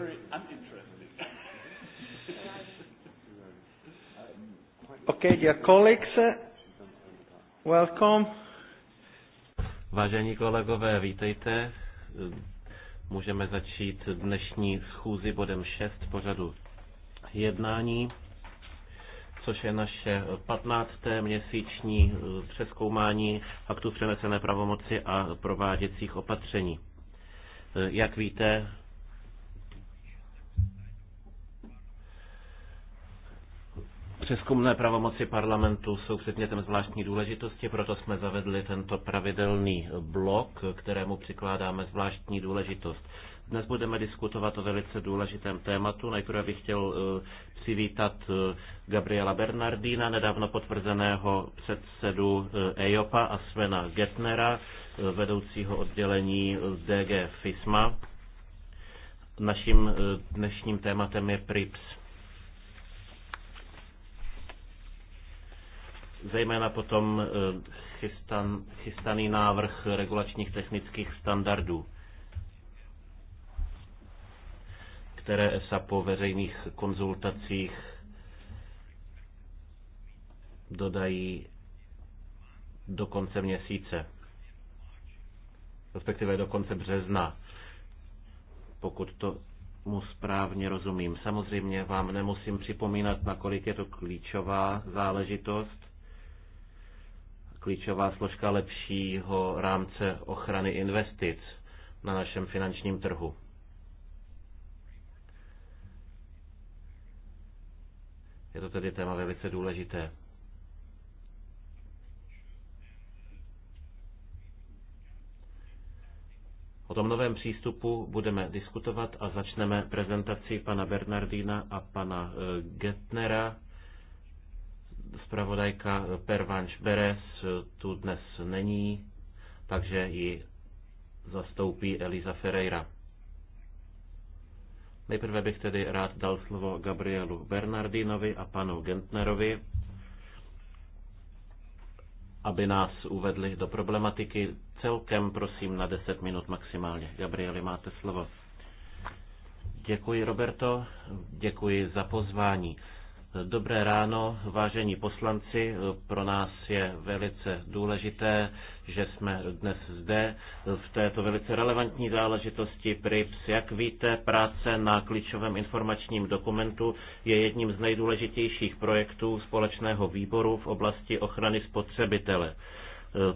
very uninteresting. okay, dear colleagues, welcome. Vážení kolegové, vítejte. Můžeme začít dnešní schůzi bodem 6 pořadu jednání což je naše 15. měsíční eh, přeskoumání aktu přenesené pravomoci a prováděcích opatření. Eh, jak víte, Přeskumné pravomoci parlamentu jsou předmětem zvláštní důležitosti, proto jsme zavedli tento pravidelný blok, kterému přikládáme zvláštní důležitost. Dnes budeme diskutovat o velice důležitém tématu. Nejprve bych chtěl eh, přivítat eh, Gabriela Bernardína, nedávno potvrzeného předsedu eh, EIOPA a Svena Getnera, vedoucího oddělení DG FISMA. Naším dnešním tématem je PRIPS zejména potom eh, chystan, chystaný návrh regulačních technických standardů, které ESA po veřejných konzultacích dodají do konce měsíce, respektive do konce března, pokud to mu správně rozumím. Samozřejmě vám nemusím připomínat, nakolik je to klíčová záležitost klíčová složka lepšího rámce ochrany investic na našem finančním trhu. Je to tedy téma velice důležité. O tom novém přístupu budeme diskutovat a začneme prezentací pana Bernardina a pana eh, Getnera Spravodajka Pervanš Beres tu dnes není, takže ji zastoupí Eliza Ferreira. Nejprve bych tedy rád dal slovo Gabrielu Bernardinovi a panu Gentnerovi, aby nás uvedli do problematiky. Celkem prosím na 10 minut maximálně. Gabrieli, máte slovo. Děkuji, Roberto. Děkuji za pozvání. Dobré ráno, vážení poslanci. Pro nás je velice důležité, že jsme dnes zde v této velice relevantní záležitosti PRIPS. Jak víte, práce na klíčovém informačním dokumentu je jedním z nejdůležitějších projektů společného výboru v oblasti ochrany spotřebitele.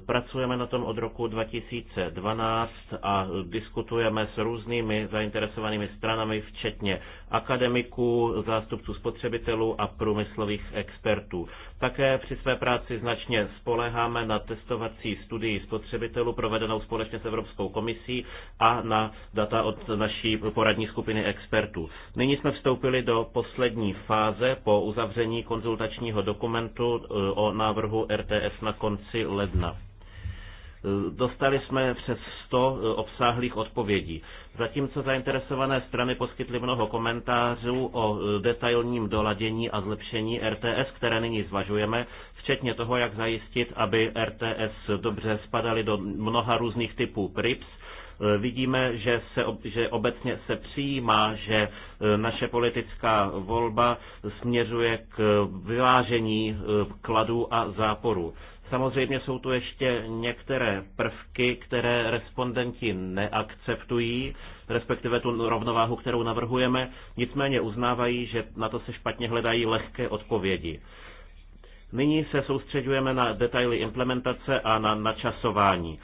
Pracujeme na tom od roku 2012 a diskutujeme s různými zainteresovanými stranami, včetně akademiků, zástupců spotřebitelů a průmyslových expertů. Také při své práci značně spoleháme na testovací studii spotřebitelů provedenou společně s Evropskou komisí a na data od naší poradní skupiny expertů. Nyní jsme vstoupili do poslední fáze po uzavření konzultačního dokumentu e, o návrhu RTS na konci ledna. Dostali jsme přes 100 e, obsáhlých odpovědí. Zatímco zainteresované strany poskytly mnoho komentářů o e, detailním doladění a zlepšení RTS, které nyní zvažujeme, včetně toho, jak zajistit, aby RTS dobře spadaly do mnoha různých typů PRIPS, e, vidíme, že, se, že obecně se přijímá, že naše politická volba směřuje k vyvážení kladů a záporů. Samozřejmě jsou tu ještě některé prvky, které respondenti neakceptují, respektive tu rovnováhu, kterou navrhujeme, nicméně uznávají, že na to se špatně hledají lehké odpovědi. Nyní se soustředujeme na detaily implementace a na načasování.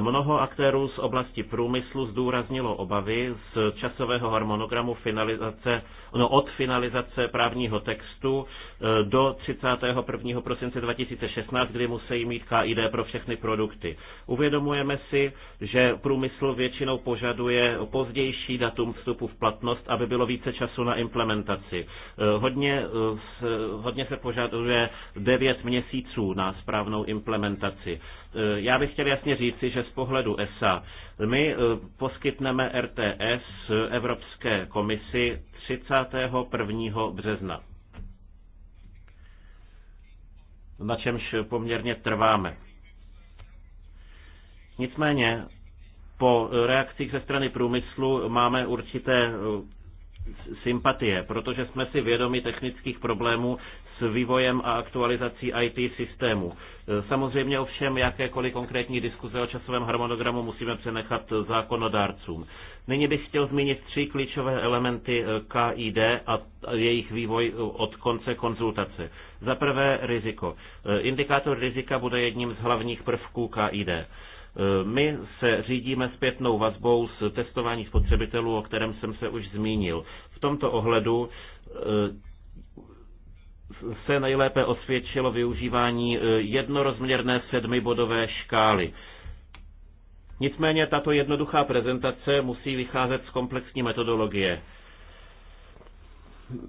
Mnoho aktérů z oblasti průmyslu zdůraznilo obavy z časového harmonogramu finalizace, no od finalizace právního textu e, do 31. prosince 2016, kdy musí mít KID pro všechny produkty. Uvědomujeme si, že průmysl většinou požaduje pozdější datum vstupu v platnost, aby bylo více času na implementaci. E, hodně, e, hodně se požaduje 9 měsíců na správnou implementaci. Eh, já bych chtěl jasně říci, že z pohledu ESA my eh, poskytneme RTS Evropské komisi 31. března. Na čemž poměrně trváme. Nicméně po reakcích ze strany průmyslu máme určité eh, sympatie, protože jsme si vědomi technických problémů s vývojem a aktualizací IT systému. E, samozřejmě ovšem jakékoliv konkrétní diskuze o časovém harmonogramu musíme přenechat zákonodárcům. Nyní bych chtěl zmínit tři klíčové elementy e, KID a jejich vývoj od konce konzultace. Za prvé riziko. E, indikátor rizika bude jedním z hlavních prvků KID. My se řídíme zpětnou vazbou z testování spotřebitelů, o kterém jsem se už zmínil. V tomto ohledu eh, se nejlépe osvědčilo využívání eh, jednorozměrné sedmibodové škály. Nicméně tato jednoduchá prezentace musí vycházet z komplexní metodologie.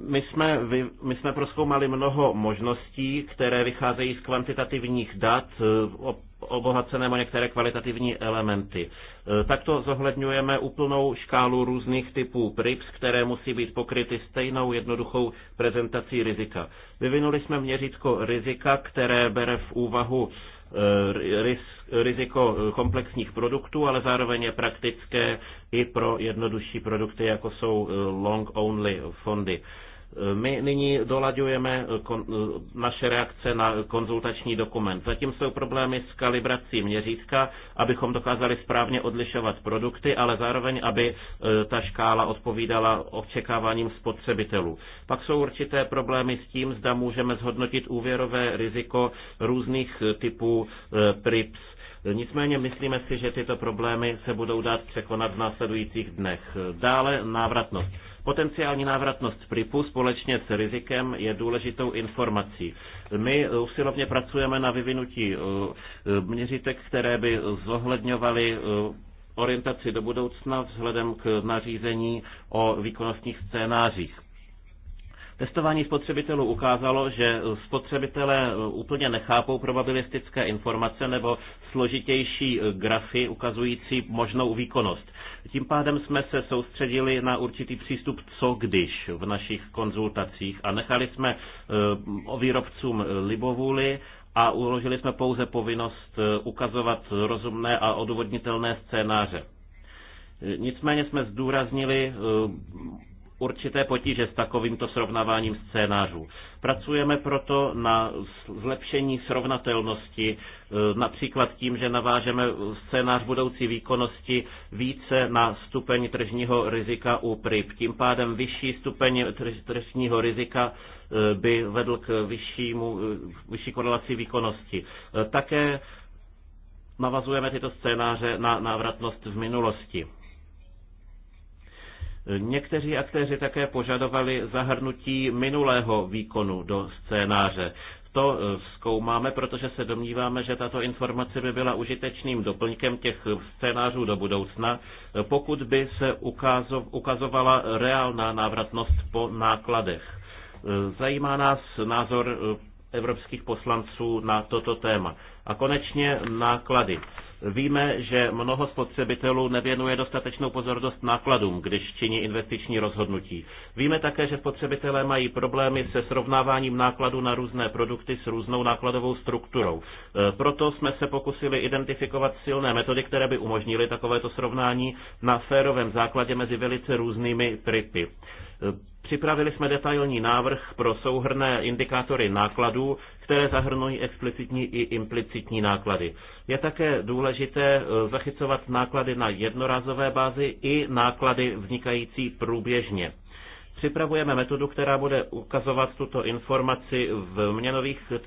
My jsme, my jsme proskoumali mnoho možností, které vycházejí z kvantitativních dat, eh, obohacené o některé kvalitativní elementy. Eh, Takto zohledňujeme úplnou škálu různých typů PRIPS, které musí být pokryty stejnou jednoduchou prezentací rizika. Vyvinuli jsme měřítko rizika, které bere v úvahu Eh, riziko eh, komplexních produktů, ale zároveň je praktické i pro jednodušší produkty, jako jsou eh, long-only fondy. My nyní dolaďujeme eh, eh, naše reakce na konzultační dokument. Zatím jsou problémy s kalibrací měřítka, abychom dokázali správně odlišovat produkty, ale zároveň, aby eh, ta škála odpovídala očekáváním spotřebitelů. Pak jsou určité problémy s tím, zda můžeme zhodnotit úvěrové riziko různých typů PRIPS. Nicméně myslíme si, že tyto problémy se budou dát překonat v následujících dnech. Dále návratnost. Potenciální návratnost PRIPu společně s rizikem je důležitou informací. My usilovně pracujeme na vyvinutí eh, eh, měřitek, které by zohledňovaly eh, orientaci do budoucna vzhledem k nařízení o výkonnostních scénářích. Testování spotřebitelů ukázalo, že spotřebitelé úplně nechápou probabilistické informace nebo složitější grafy ukazující možnou výkonnost. Tím pádem jsme se soustředili na určitý přístup co když v našich konzultacích a nechali jsme eh, o výrobcům libovůli a uložili jsme pouze povinnost eh, ukazovat rozumné a odůvodnitelné scénáře. Nicméně jsme zdůraznili eh, určité potíže s takovýmto srovnáváním scénářů. Pracujeme proto na zlepšení srovnatelnosti, e, například tím, že navážeme scénář budoucí výkonnosti více na stupeň tržního rizika u PRIP. Tím pádem vyšší stupeň tržního rizika e, by vedl k vyššímu, e, vyšší korelaci výkonnosti. Také navazujeme tyto scénáře na návratnost v minulosti. Někteří aktéři také požadovali zahrnutí minulého výkonu do scénáře. To eh, zkoumáme, protože se domníváme, že tato informace by byla užitečným doplňkem těch scénářů do budoucna, eh, pokud by se ukazovala reálná návratnost po nákladech. Eh, zajímá nás názor evropských poslanců na toto téma. A konečně náklady. Víme, že mnoho spotřebitelů nevěnuje dostatečnou pozornost nákladům, když činí investiční rozhodnutí. Víme také, že spotřebitelé mají problémy se srovnáváním nákladů na různé produkty s různou nákladovou strukturou. E, proto jsme se pokusili identifikovat silné metody, které by umožnily takovéto srovnání na férovém základě mezi velice různými tripy. E, Připravili jsme detailní návrh pro souhrné indikátory nákladů, které zahrnují explicitní i implicitní náklady. Je také důležité e, zachycovat náklady na jednorázové bázi i náklady vznikající průběžně. Připravujeme metodu, která bude ukazovat tuto informaci v měnových e,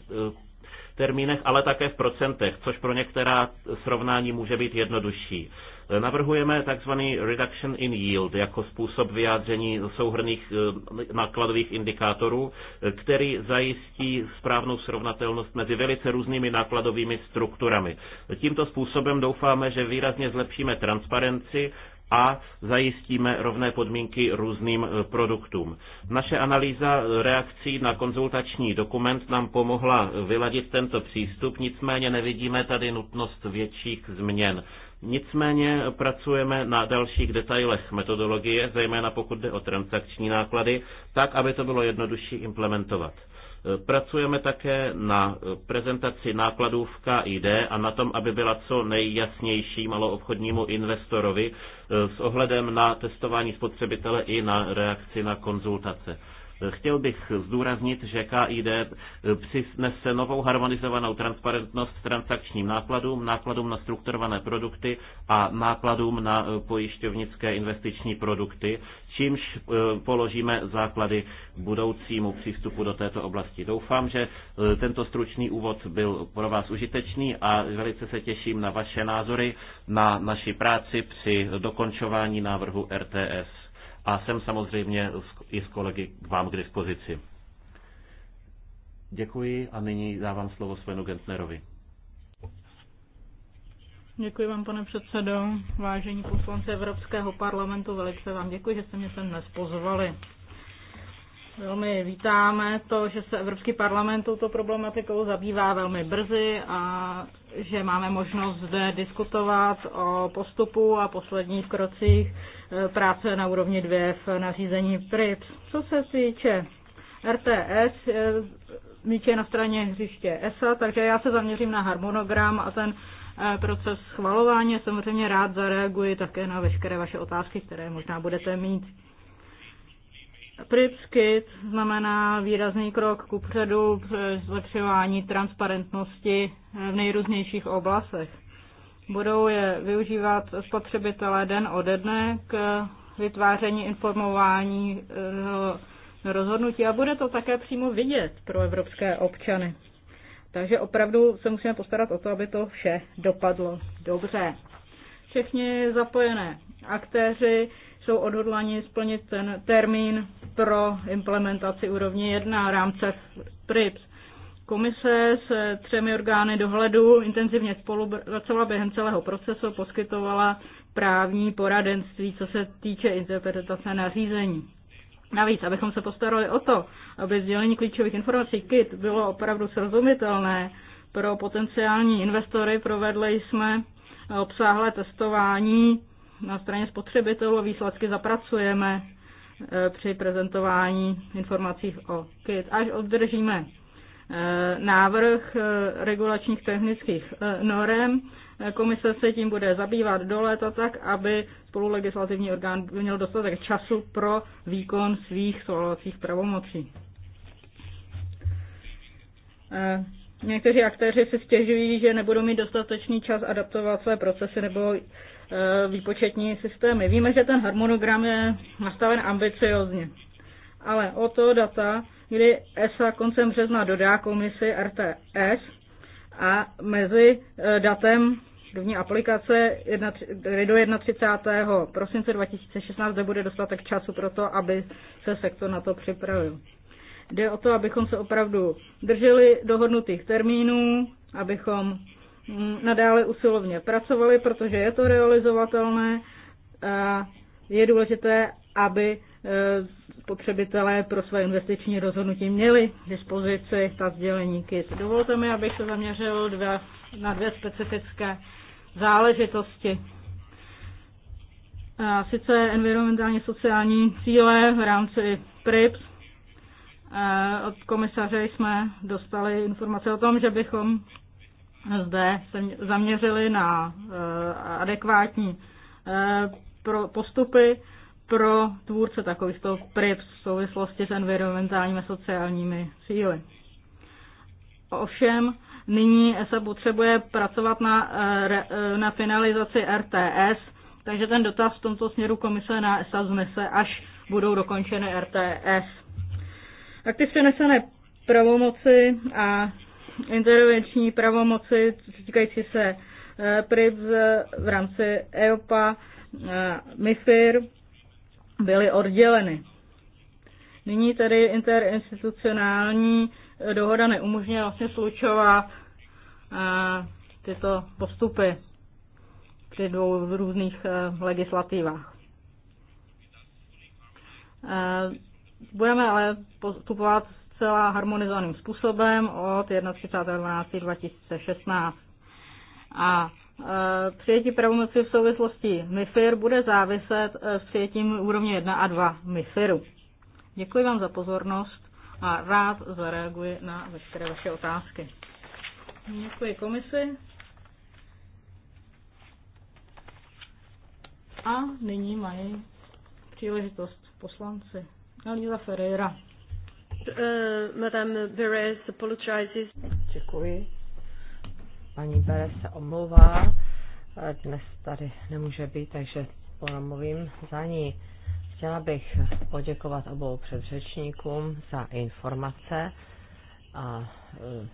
termínech, ale také v procentech, což pro některá srovnání může být jednodušší. Navrhujeme tzv. reduction in yield jako způsob vyjádření souhrných eh, nákladových indikátorů, eh, který zajistí správnou srovnatelnost mezi velice různými nákladovými strukturami. Tímto způsobem doufáme, že výrazně zlepšíme transparenci a zajistíme rovné podmínky různým eh, produktům. Naše analýza reakcí na konzultační dokument nám pomohla vyladit tento přístup, nicméně nevidíme tady nutnost větších změn. Nicméně pracujeme na dalších detailech metodologie, zejména pokud jde o transakční náklady, tak, aby to bylo jednodušší implementovat. Pracujeme také na prezentaci nákladů v KID a na tom, aby byla co nejjasnější maloobchodnímu investorovi eh, s ohledem na testování spotřebitele i na reakci na konzultace. Chtěl bych zdůraznit, že KID přinese novou harmonizovanou transparentnost transakčním nákladům, nákladům na strukturované produkty a nákladům na eh, pojišťovnické investiční produkty, čímž eh, položíme základy budoucímu přístupu do této oblasti. Doufám, že eh, tento stručný úvod byl pro vás užitečný a velice se těším na vaše názory, na naši práci při dokončování návrhu RTS a jsem samozřejmě i s kolegy k vám k dispozici. Děkuji a nyní dávám slovo Svenu Gentnerovi. Děkuji vám, pane předsedo. Vážení poslanci Evropského parlamentu, velice vám děkuji, že jste mě sem dnes pozvali. Velmi vítáme to, že se Evropský parlament touto problematikou zabývá velmi brzy a že máme možnost zde diskutovat o postupu a posledních krocích Eh, práce na úrovni 2 v nařízení PRIPS. Co se týče RTS, eh, míč je na straně hřiště ESA, takže já se zaměřím na harmonogram a ten eh, proces schvalování. Samozřejmě rád zareaguji také na veškeré vaše otázky, které možná budete mít. PRIPS KIT znamená výrazný krok kupředu předu zlepšování transparentnosti v nejrůznějších oblastech. Budou je využívat spotřebitelé den ode dne k vytváření informování eh, no, rozhodnutí a bude to také přímo vidět pro evropské občany. Takže opravdu se musíme postarat o to, aby to vše dopadlo dobře. všechny zapojené aktéři jsou odhodlani splnit ten termín pro implementaci úrovně 1 rámce PRIPS. Komise s třemi orgány dohledu intenzivně spolupracovala během celého procesu, poskytovala právní poradenství, co se týče interpretace nařízení. Navíc, abychom se postarali o to, aby sdělení klíčových informací KIT bylo opravdu srozumitelné pro potenciální investory, provedli jsme obsáhlé testování na straně spotřebitelů a výsledky zapracujeme eh, při prezentování informací o KIT. Až obdržíme Eh, návrh eh, regulačních technických eh, norem. Komise se tím bude zabývat do léta tak, aby spolulegislativní orgán měl dostatek času pro výkon svých svolovacích pravomocí. Někteří aktéři si stěžují, že nebudou mít dostatečný čas adaptovat své procesy nebo výpočetní systémy. Víme, že ten harmonogram je nastaven ambiciozně, ale o to data kdy ESA koncem března dodá komisi RTS a mezi e, datem první aplikace do 31. prosince 2016 zde bude dostatek času pro to, aby se sektor na to připravil. Jde o to, abychom se opravdu drželi dohodnutých termínů, abychom mm, nadále usilovně pracovali, protože je to realizovatelné. Je důležité, aby Eh, potřebitelé pro své investiční rozhodnutí měli k dispozici ta sdělení Dovolte mi, abych se zaměřil dvě, na dvě specifické záležitosti. A eh, sice environmentálně sociální cíle v rámci PRIPS. Eh, od komisaře jsme dostali informace o tom, že bychom zde se zaměřili na adekvátní postupy pro tvůrce takovýchto priv v souvislosti s environmentálními a sociálními cíly. Ovšem, nyní se potřebuje pracovat na, eh, eh, na finalizaci RTS, takže ten dotaz v tomto směru komise na ESA znese, až budou dokončeny RTS. Tak ty přenesené pravomoci a intervenční pravomoci týkající se eh, PRIV v rámci EOPA, MIFIR, byly odděleny. Nyní tedy interinstitucionální eh, dohoda neumožňuje vlastně slučovat eh, tyto postupy při dvou různých eh, legislativách. Budeme ale postupovat celá harmonizovaným způsobem od 31.12.2016. A Eh, přijetí pravomoci v souvislosti MIFIR bude záviset eh, s přijetím úrovně 1 a 2 MIFIRu. Děkuji vám za pozornost a rád zareaguji na veškeré vaše otázky. Děkuji komisi. A nyní mají příležitost poslanci. Alíza Ferreira. Uh, Madame Perez apologizes. Děkuji paní Bere se omlouvá, dnes tady nemůže být, takže promluvím za ní. Chtěla bych poděkovat obou předřečníkům za informace a e,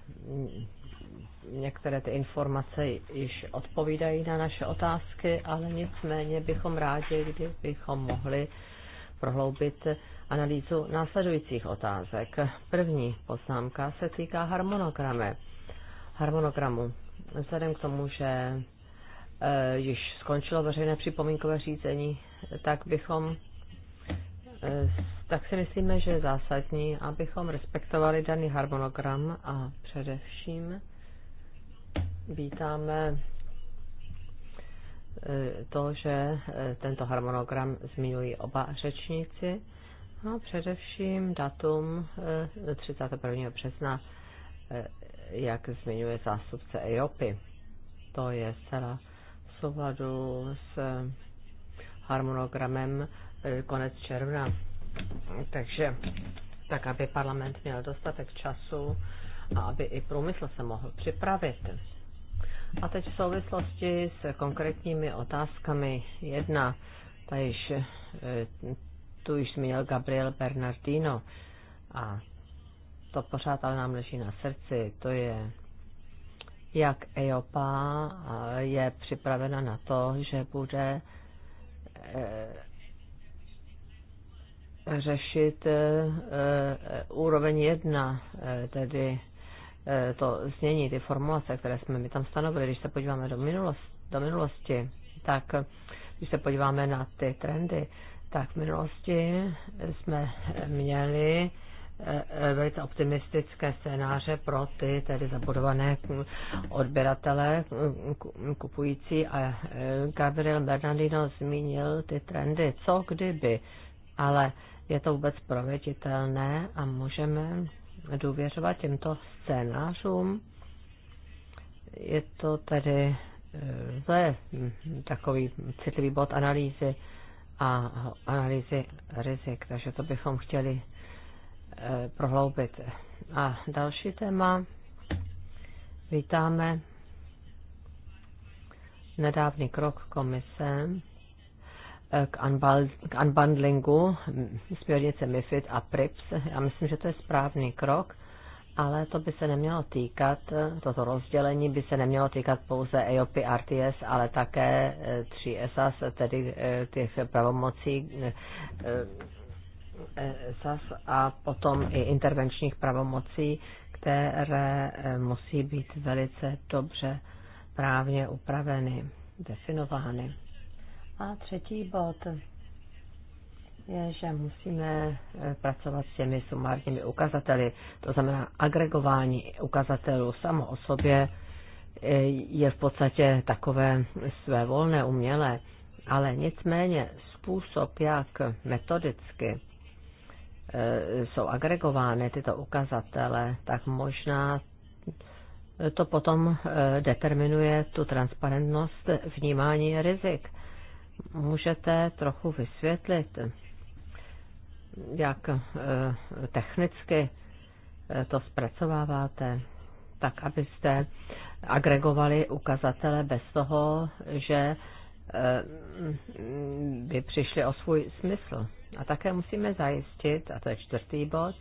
některé ty informace již odpovídají na naše otázky, ale nicméně bychom rádi, kdybychom mohli prohloubit analýzu následujících otázek. První poznámka se týká harmonogramu. harmonogramu vzhledem k tomu, že e, již skončilo veřejné připomínkové řízení, tak bychom e, tak si myslíme, že je zásadní, abychom respektovali daný harmonogram a především vítáme e, to, že tento harmonogram zmiňují oba řečníci a především datum 31. března jak zmiňuje zástupce EOPy. To je zcela v souladu s eh, harmonogramem eh, konec června. Takže tak, aby parlament měl dostatek času a aby i průmysl se mohl připravit. A teď v souvislosti s konkrétními otázkami jedna, ta již, eh, tu již zmínil Gabriel Bernardino a to pořád ale nám leží na srdci, to je, jak EOPA je připravena na to, že bude eh, řešit eh, eh, úroveň jedna, tedy to změní, ty formulace, které jsme mi tam stanovili, když se podíváme do, minulosti, do minulosti, tak když se podíváme na ty trendy, tak v minulosti jsme měli Eh, eh, velice optimistické scénáře pro ty tedy zabudované odběratele kupující a eh, Gabriel Bernardino zmínil ty trendy, co kdyby, ale je to vůbec proveditelné a můžeme důvěřovat těmto scénářům. Je to tedy to je takový citlivý bod analýzy a analýzy rizik, takže to bychom chtěli Eh, prohloubit. A další téma. Vítáme nedávný krok komise eh, k unbundlingu směrnice MIFID a PRIPS. Já myslím, že to je správný krok, ale to by se nemělo týkat, eh, toto rozdělení by se nemělo týkat pouze EOP RTS, ale také 3 SAS, tedy těch pravomocí SAS e a potom i intervenčních pravomocí, které e, musí být velice dobře právně upraveny, definovány. A třetí bod je, že musíme e, pracovat s těmi sumárními ukazateli, to znamená agregování ukazatelů samo o sobě je v podstatě takové své volné umělé, ale nicméně způsob, jak metodicky Eh, jsou agregovány tyto ukazatele, tak možná to potom eh, determinuje tu transparentnost vnímání rizik. Můžete trochu vysvětlit, jak eh, technicky to zpracováváte, tak abyste agregovali ukazatele bez toho, že by přišli o svůj smysl. A také musíme zajistit, a to je čtvrtý bod,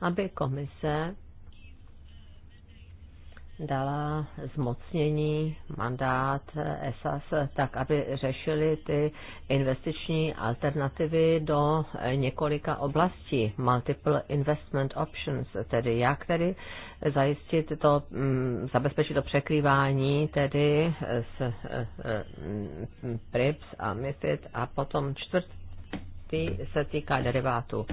aby komise dala zmocnění, mandát ESAS, tak aby řešili ty investiční alternativy do několika oblastí, multiple investment options, tedy jak tedy zajistit to, mm, zabezpečit to překrývání tedy s eh, eh, mm, PRIPS a MIFID a potom čtvrt, ty se týká derivátů.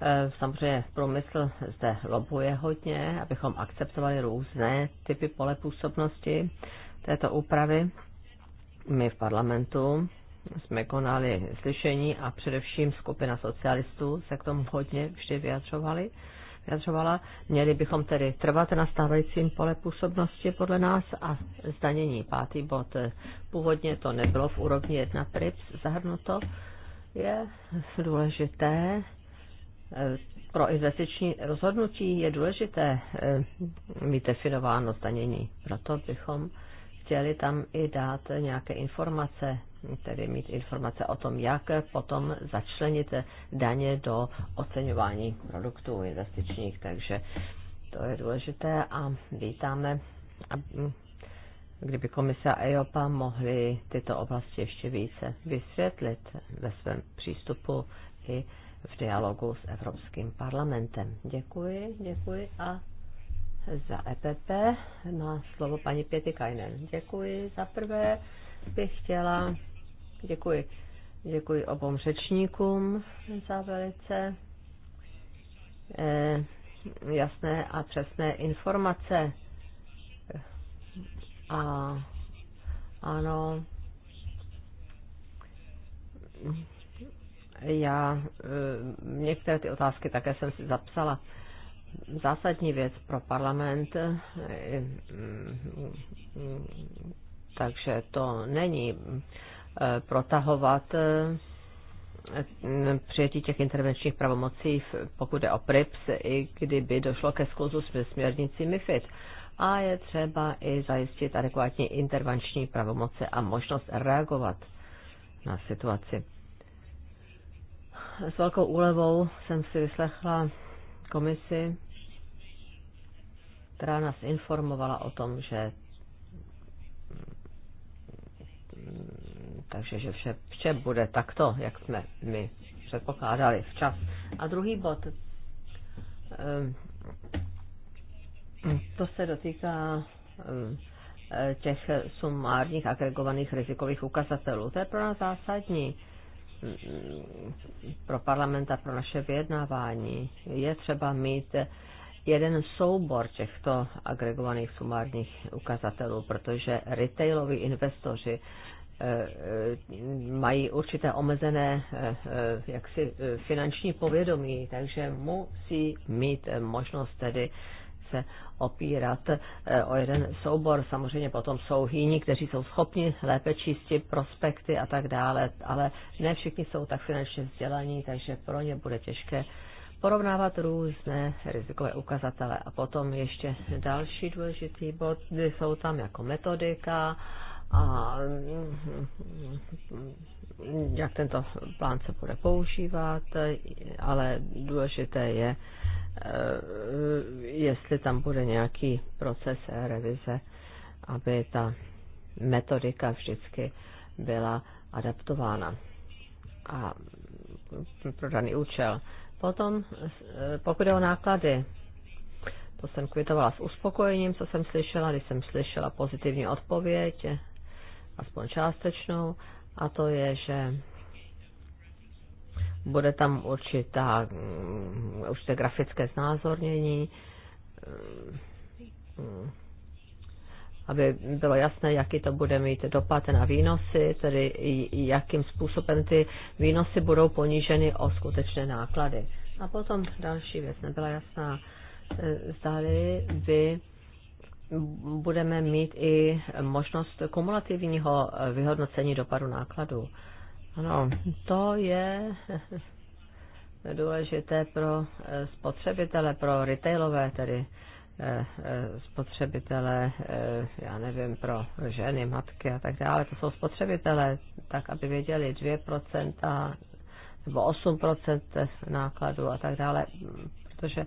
E, samozřejmě průmysl zde lobuje hodně, abychom akceptovali různé typy pole působnosti této úpravy. My v parlamentu jsme konali slyšení a především skupina socialistů se k tomu hodně vždy vyjadřovali. vyjadřovala. Měli bychom tedy trvat na stávajícím pole působnosti podle nás a zdanění pátý bod. Původně to nebylo v úrovni 1 PRIPS zahrnuto, je důležité eh, pro investiční rozhodnutí je důležité eh, mít definováno zdanění. Proto bychom chtěli tam i dát nějaké informace, tedy mít informace o tom, jak potom začlenit daně do oceňování produktů investičních. Takže to je důležité a vítáme mm, kdyby komise a EOPA mohly tyto oblasti ještě více vysvětlit ve svém přístupu i v dialogu s Evropským parlamentem. Děkuji, děkuji a za EPP má slovo paní Pětikajnen. Děkuji. Za prvé bych chtěla, děkuji, děkuji obou řečníkům za velice eh, jasné a přesné informace a ano, já eh, některé ty otázky také jsem si zapsala. Zásadní věc pro parlament, eh, mm, takže to není eh, protahovat přijetí těch intervenčních pravomocí, pokud je o PRIPS, i kdyby došlo ke skluzu s směrnicí MIFID a je třeba i zajistit adekvátní intervenční pravomoce a možnost reagovat na situaci. S velkou úlevou jsem si vyslechla komisi, která nás informovala o tom, že takže že vše, vše bude takto, jak jsme my předpokládali včas. A druhý bod, eh, to se dotýká mm, eh, těch sumárních agregovaných rizikových ukazatelů. To je pro nás zásadní mm, pro parlament a pro naše vyjednávání. Je třeba mít jeden soubor těchto agregovaných sumárních ukazatelů, protože retailoví investoři eh, eh, mají určité omezené jaksi finanční povědomí, takže musí mít možnost tedy se opírat eh, o jeden soubor. Samozřejmě potom jsou jiní, kteří jsou schopni lépe čistit prospekty a tak dále, ale ne všichni jsou tak finančně vzdělaní, takže pro ně bude těžké porovnávat různé rizikové ukazatele. A potom ještě další důležitý bod, kdy jsou tam jako metodika a jak tento plán se bude používat, ale důležité je Eh, jestli tam bude nějaký proces revize, aby ta metodika vždycky byla adaptována a pro daný účel. Potom, eh, pokud je o náklady, to jsem kvitovala s uspokojením, co jsem slyšela, když jsem slyšela pozitivní odpověď, aspoň částečnou, a to je, že bude tam určitá, mm, určité grafické znázornění, mm, aby bylo jasné, jaký to bude mít dopad na výnosy, tedy jakým způsobem ty výnosy budou poníženy o skutečné náklady. A potom další věc nebyla jasná. Zdali by budeme mít i možnost kumulativního vyhodnocení dopadu nákladů. Ano, to je důležité pro eh, spotřebitele, pro retailové tedy eh, eh, spotřebitele, já nevím, pro ženy, matky a tak dále, to jsou spotřebitele, tak aby věděli 2% nebo 8% nákladů a tak dále, protože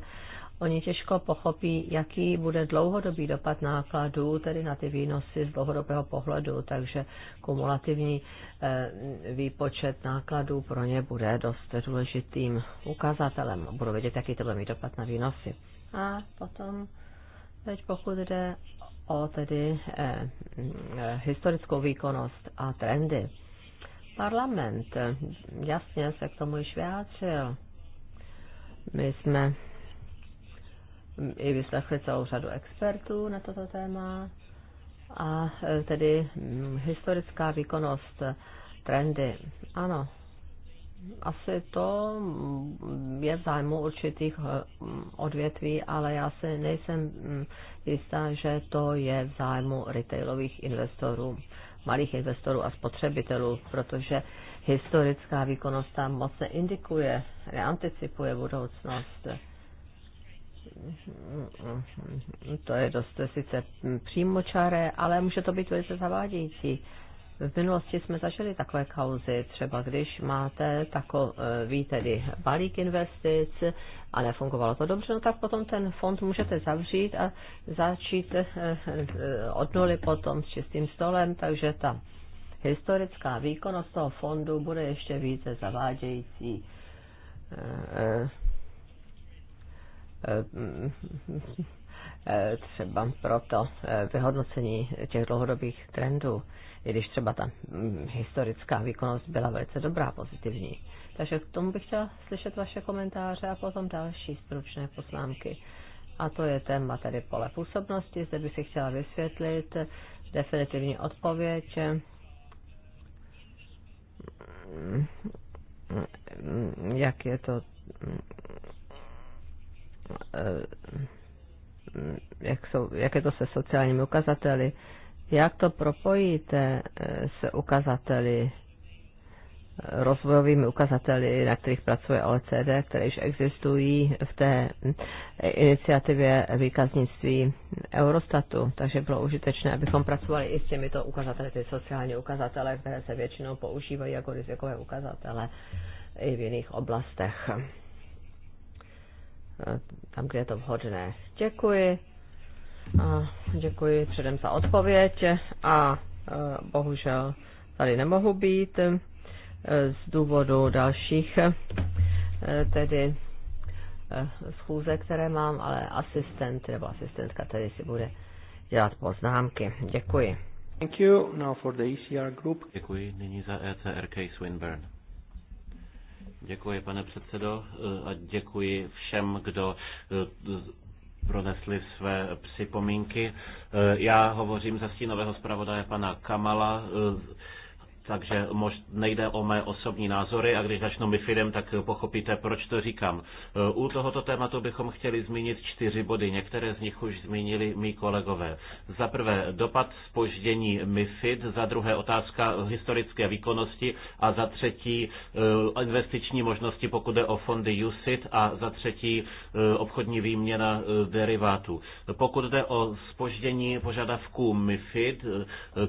oni těžko pochopí, jaký bude dlouhodobý dopad nákladů, tedy na ty výnosy z dlouhodobého pohledu, takže kumulativní eh, výpočet nákladů pro ně bude dost důležitým ukazatelem. Budou vědět, jaký to bude mít dopad na výnosy. A potom, teď pokud jde o tedy eh, eh, historickou výkonnost a trendy, parlament jasně se k tomu již vyjádřil. My jsme i vyslechli celou řadu expertů na toto téma a e, tedy mm, historická výkonnost, e, trendy. Ano, asi to mm, je v zájmu určitých e, mm, odvětví, ale já si nejsem jistá, že to je v zájmu retailových investorů, malých investorů a spotřebitelů, protože historická výkonnost tam moc neindikuje, neanticipuje budoucnost to je dost sice přímočaré, ale může to být velice zavádějící. V minulosti jsme zažili takové kauzy, třeba když máte takový eh, tedy balík investic a nefungovalo to dobře, no tak potom ten fond můžete zavřít a začít eh, eh, od nuly potom s čistým stolem, takže ta historická výkonnost toho fondu bude ještě více zavádějící Eh, mm, eh, třeba pro to eh, vyhodnocení těch dlouhodobých trendů, i když třeba ta mm, historická výkonnost byla velice dobrá, pozitivní. Takže k tomu bych chtěla slyšet vaše komentáře a potom další stručné poznámky. A to je téma tedy pole působnosti. Zde bych si chtěla vysvětlit definitivní odpověď mm, jak je to Eh, jak, jsou, jak je to se sociálními ukazateli, jak to propojíte eh, se ukazateli, rozvojovými ukazateli, na kterých pracuje OECD, které již existují v té iniciativě výkaznictví Eurostatu. Takže bylo užitečné, abychom pracovali i s těmito ukazateli, ty sociální ukazatele, které se většinou používají jako rizikové ukazatele i v jiných oblastech. Eh, tam, kde je to vhodné. Děkuji. A děkuji předem za odpověď a eh, bohužel tady nemohu být eh, z důvodu dalších tedy schůze, které mám, ale asistent nebo asistentka tady si bude dělat poznámky. Děkuji. Thank you. Now for the ECR group. Děkuji. Nyní za ECR Case Winburn. Děkuji, pane předsedo, a děkuji všem, kdo eh, pronesli své připomínky. Eh, já hovořím za stínového zpravodaje pana Kamala. Eh, takže mož, nejde o mé osobní názory a když začnu MIFIDem, tak pochopíte, proč to říkám. U tohoto tématu bychom chtěli zmínit čtyři body, některé z nich už zmínili mý kolegové. Za prvé dopad spoždění MIFID, za druhé otázka historické výkonnosti a za třetí eh, investiční možnosti, pokud jde o fondy USIT a za třetí eh, obchodní výměna eh, derivátů. Pokud jde o spoždění požadavků MIFID,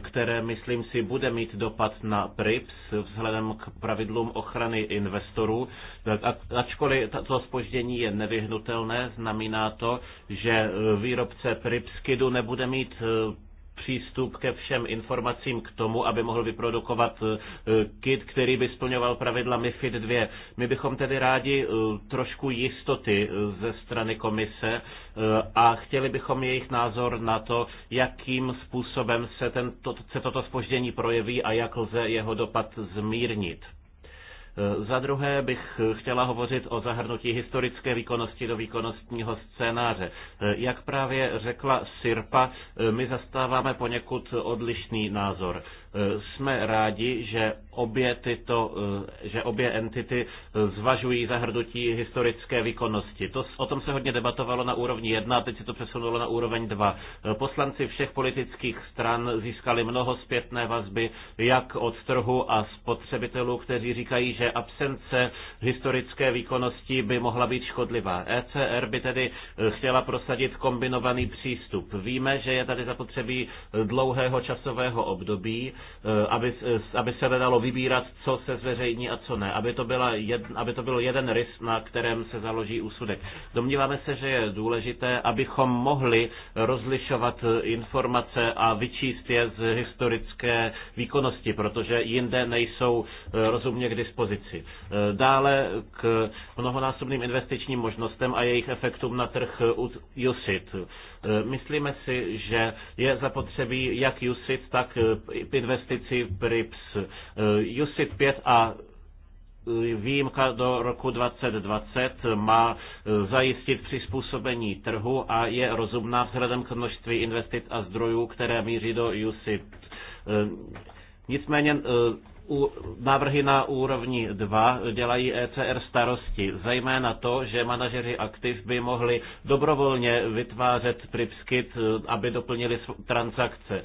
které myslím si bude mít dopad na PRIPS vzhledem k pravidlům ochrany investorů. Ačkoliv to spoždění je nevyhnutelné, znamená to, že výrobce PRIPS KIDu nebude mít eh, přístup ke všem informacím k tomu, aby mohl vyprodukovat eh, kit, který by splňoval pravidla MIFID 2. My bychom tedy rádi eh, trošku jistoty eh, ze strany komise a chtěli bychom jejich názor na to, jakým způsobem se, tento, se toto spoždění projeví a jak lze jeho dopad zmírnit. Za druhé bych chtěla hovořit o zahrnutí historické výkonnosti do výkonnostního scénáře. Jak právě řekla Sirpa, my zastáváme poněkud odlišný názor. Eh, jsme rádi, že obě, tyto, eh, že obě entity eh, zvažují zahrnutí historické výkonnosti. To, o tom se hodně debatovalo na úrovni 1, teď se to přesunulo na úroveň 2. Poslanci všech politických stran získali mnoho zpětné vazby, jak od trhu a spotřebitelů, kteří říkají, že absence historické výkonnosti by mohla být škodlivá. ECR by tedy chtěla prosadit kombinovaný přístup. Víme, že je tady zapotřebí dlouhého časového období Eh, aby, eh, aby se vedalo vybírat, co se zveřejní a co ne, aby to, byla jed, aby to byl jeden rys, na kterém se založí úsudek. Domníváme se, že je důležité, abychom mohli rozlišovat eh, informace a vyčíst je z historické výkonnosti, protože jinde nejsou rozumně k dispozici. Dále k mnohonásobným investičním možnostem a jejich efektům na trh USIT. E, myslíme si, že je zapotřebí jak USIT, tak e, investici PRIPS. E, USIT 5 a výjimka do roku 2020 má zajistit přizpůsobení trhu a je rozumná vzhledem k množství investic a zdrojů, které míří do USIT. Nicméně návrhy na úrovni 2 dělají ECR starosti, zejména to, že manažeři aktiv by mohli dobrovolně vytvářet pripskyt, e, aby doplnili transakce. E,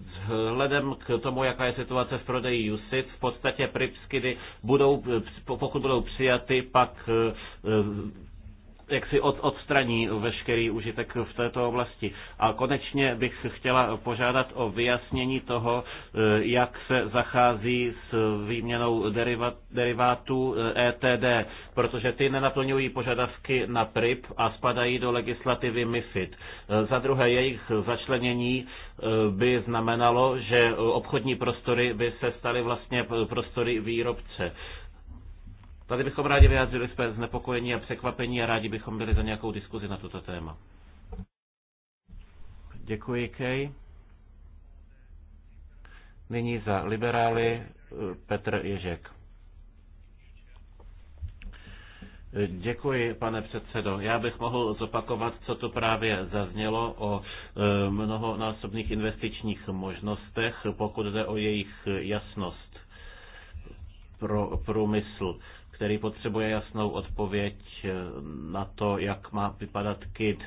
vzhledem k tomu, jaká je situace v prodeji USIT, v podstatě pripskydy budou, e, pokud budou přijaty, pak jak si od, odstraní veškerý užitek v této oblasti. A konečně bych chtěla požádat o vyjasnění toho, eh, jak se zachází s výměnou derivat, derivátů ETD, eh, e protože ty nenaplňují požadavky na PRIP a spadají do legislativy MIFID. Eh, za druhé, jejich začlenění by znamenalo, že obchodní prostory by se staly vlastně prostory výrobce. Tady bychom rádi vyjádřili své znepokojení a překvapení a rádi bychom byli za nějakou diskuzi na toto téma. Děkuji, Kej. Nyní za liberály eh, Petr Ježek. Děkuji, pane předsedo. Já bych mohl zopakovat, co to právě zaznělo o eh, mnohonásobných investičních možnostech, pokud jde o jejich jasnost pro průmysl který potřebuje jasnou odpověď eh, na to, jak má vypadat KID.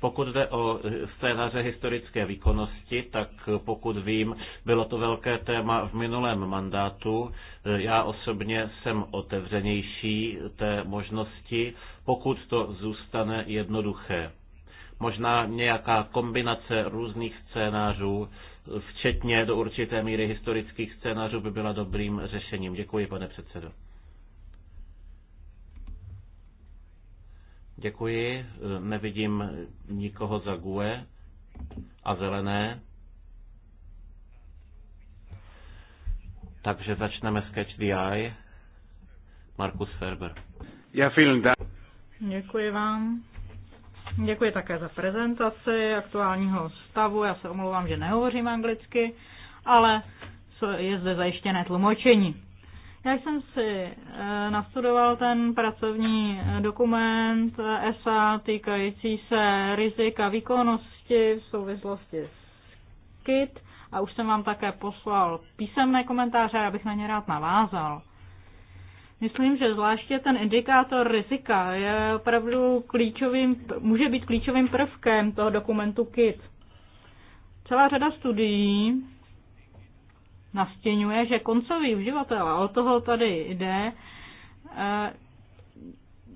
Pokud jde o eh, scénáře historické výkonnosti, tak eh, pokud vím, bylo to velké téma v minulém mandátu. Já osobně jsem otevřenější té možnosti, pokud to zůstane jednoduché možná nějaká kombinace různých scénářů včetně do určité míry historických scénářů, by byla dobrým řešením. Děkuji, pane předsedo. Děkuji. Nevidím nikoho za GUE a zelené. Takže začneme Sketch the Eye. Markus Ferber. Já vielen Dank. Děkuji vám. Děkuji také za prezentaci aktuálního stavu. Já se omlouvám, že nehovořím anglicky, ale je zde zajištěné tlumočení. Já jsem si eh, nastudoval ten pracovní eh, dokument ESA eh, týkající se rizika výkonnosti v souvislosti s KIT a už jsem vám také poslal písemné komentáře, abych na ně rád navázal. Myslím, že zvláště ten indikátor rizika je opravdu klíčovým, může být klíčovým prvkem toho dokumentu KIT. Celá řada studií nastěňuje, že koncový uživatel, a o toho tady jde, eh,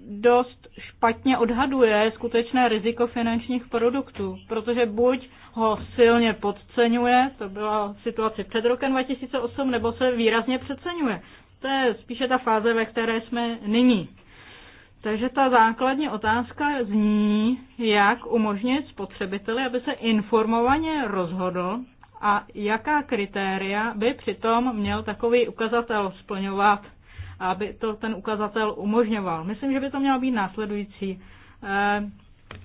dost špatně odhaduje skutečné riziko finančních produktů, protože buď ho silně podceňuje, to byla situace před rokem 2008, nebo se výrazně přeceňuje to je spíše ta fáze, ve které jsme nyní. Takže ta základní otázka zní, jak umožnit spotřebiteli, aby se informovaně rozhodl a jaká kritéria by přitom měl takový ukazatel splňovat, aby to ten ukazatel umožňoval. Myslím, že by to mělo být následující eh,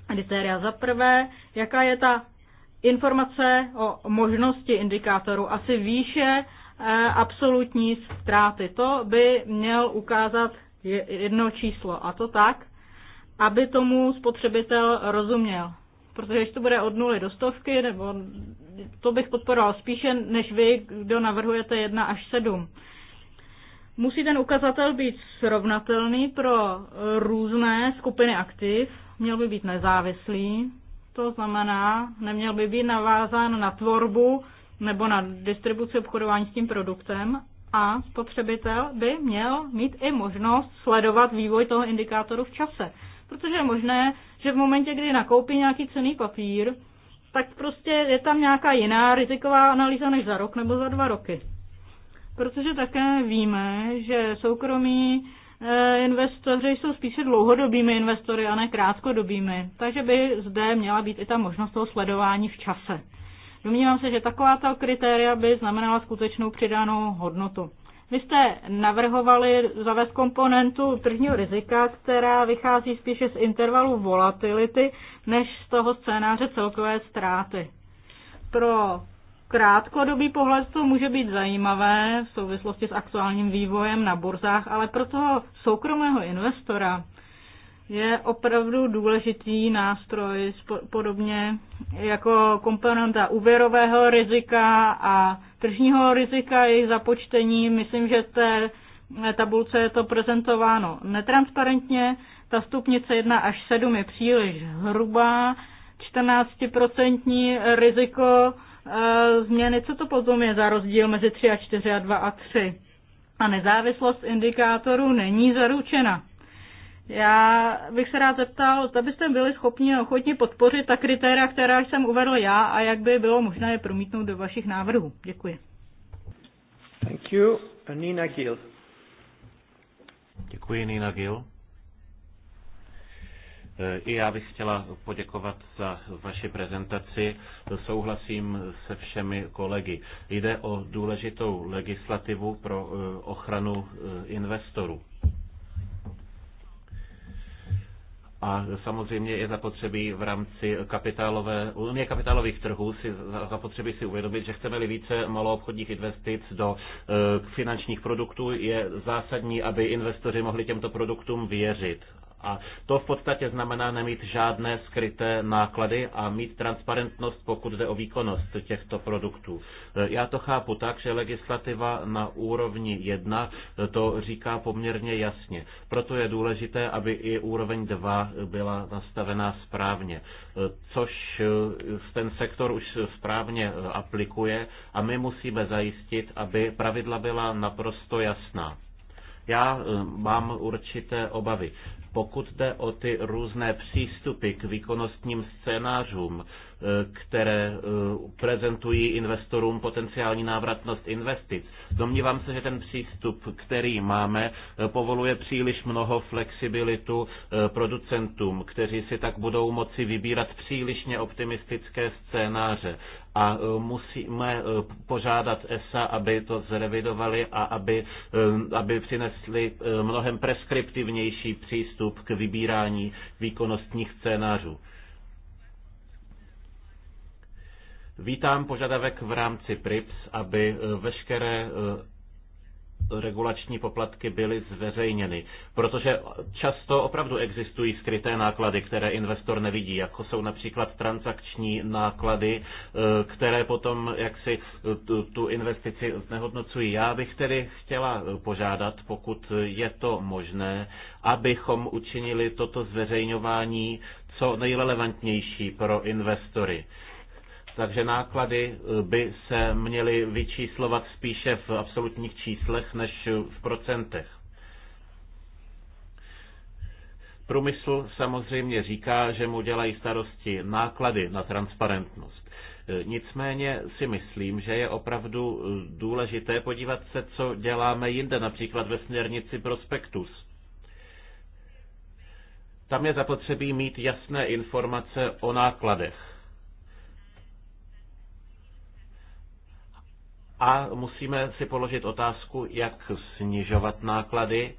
kritéria. Za prvé, jaká je ta informace o možnosti indikátoru, asi výše Eh, absolutní ztráty. To by měl ukázat jedno číslo a to tak, aby tomu spotřebitel rozuměl. Protože když to bude od nuly do stovky, nebo to bych podporoval spíše než vy, kdo navrhujete 1 až 7. Musí ten ukazatel být srovnatelný pro různé skupiny aktiv, měl by být nezávislý, to znamená, neměl by být navázán na tvorbu nebo na distribuci obchodování s tím produktem a spotřebitel by měl mít i možnost sledovat vývoj toho indikátoru v čase. Protože je možné, že v momentě, kdy nakoupí nějaký cený papír, tak prostě je tam nějaká jiná riziková analýza než za rok nebo za dva roky. Protože také víme, že soukromí eh, investoři jsou spíše dlouhodobými investory a ne krátkodobými. Takže by zde měla být i ta možnost toho sledování v čase. Domnívám se, že takováto kritéria by znamenala skutečnou přidanou hodnotu. Vy jste navrhovali zavést komponentu tržního rizika, která vychází spíše z intervalu volatility než z toho scénáře celkové ztráty. Pro krátkodobý pohled to může být zajímavé v souvislosti s aktuálním vývojem na burzách, ale pro toho soukromého investora je opravdu důležitý nástroj, podobně jako komponenta úvěrového rizika a tržního rizika, jejich započtení. Myslím, že té tabulce je to prezentováno netransparentně. Ta stupnice 1 až 7 je příliš hrubá, 14% riziko eh, změny. Co to potom je za rozdíl mezi 3 a 4 a 2 a 3? A nezávislost indikátorů není zaručena. Já bych se rád zeptal, zda byste byli schopni a ochotni podpořit ta kritéria, která jsem uvedl já a jak by bylo možné je promítnout do vašich návrhů. Děkuji. Thank you. Nina Gill. Děkuji, Nina Gill. E, I já bych chtěla poděkovat za vaši prezentaci. Souhlasím se všemi kolegy. Jde o důležitou legislativu pro e, ochranu e, investorů. A samozřejmě je zapotřebí v rámci kapitálové, unie kapitálových trhů si zapotřebí si uvědomit, že chceme-li více maloobchodních investic do e, finančních produktů, je zásadní, aby investoři mohli těmto produktům věřit a to v podstatě znamená nemít žádné skryté náklady a mít transparentnost, pokud jde o výkonnost těchto produktů. Já to chápu tak, že legislativa na úrovni 1 to říká poměrně jasně. Proto je důležité, aby i úroveň 2 byla nastavená správně, což ten sektor už správně aplikuje a my musíme zajistit, aby pravidla byla naprosto jasná. Já eh, mám určité obavy. Pokud jde o ty různé přístupy k výkonnostním scénářům, Eh, které eh, prezentují investorům potenciální návratnost investic. Domnívám se, že ten přístup, který máme, eh, povoluje příliš mnoho flexibilitu producentům, kteří si tak budou moci vybírat přílišně optimistické scénáře a musíme požádat ESA, aby to zrevidovali a aby, aby přinesli mnohem preskriptivnější přístup k vybírání výkonnostních scénářů. Vítám požadavek v rámci PRIPS, aby eh, veškeré eh, regulační poplatky byly zveřejněny, protože často opravdu existují skryté náklady, které investor nevidí, jako jsou například transakční náklady, eh, které potom jaksi tu, tu investici znehodnocují. Já bych tedy chtěla požádat, pokud je to možné, abychom učinili toto zveřejňování co nejrelevantnější pro investory. Takže náklady eh, by se měly vyčíslovat spíše v absolutních číslech než v procentech. Průmysl samozřejmě říká, že mu dělají starosti náklady na transparentnost. Eh, nicméně si myslím, že je opravdu eh, důležité podívat se, co děláme jinde, například ve směrnici Prospektus. Tam je zapotřebí mít jasné informace o nákladech A musíme si položit otázku, jak snižovat náklady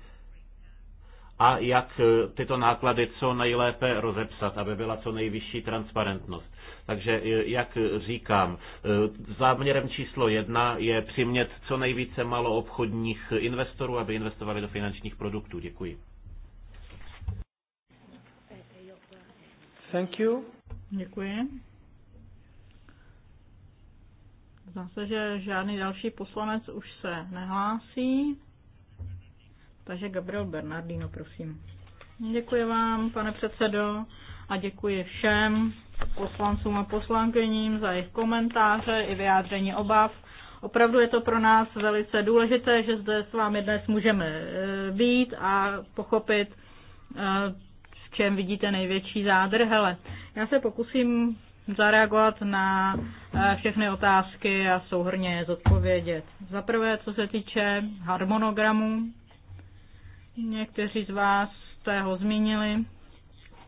a jak tyto náklady co nejlépe rozepsat, aby byla co nejvyšší transparentnost. Takže, e, jak říkám, e, záměrem číslo jedna je přimět co nejvíce maloobchodních investorů, aby investovali do finančních produktů. Děkuji. Thank you. Děkuji. Zdá se, že žádný další poslanec už se nehlásí. Takže Gabriel Bernardino, prosím. Děkuji vám, pane předsedo, a děkuji všem poslancům a poslankyním za jejich komentáře i vyjádření obav. Opravdu je to pro nás velice důležité, že zde s vámi dnes můžeme e, být a pochopit, e, v čem vidíte největší zádrhele. Já se pokusím zareagovat na eh, všechny otázky a souhrně je zodpovědět. Za prvé, co se týče harmonogramu, někteří z vás jste ho zmínili.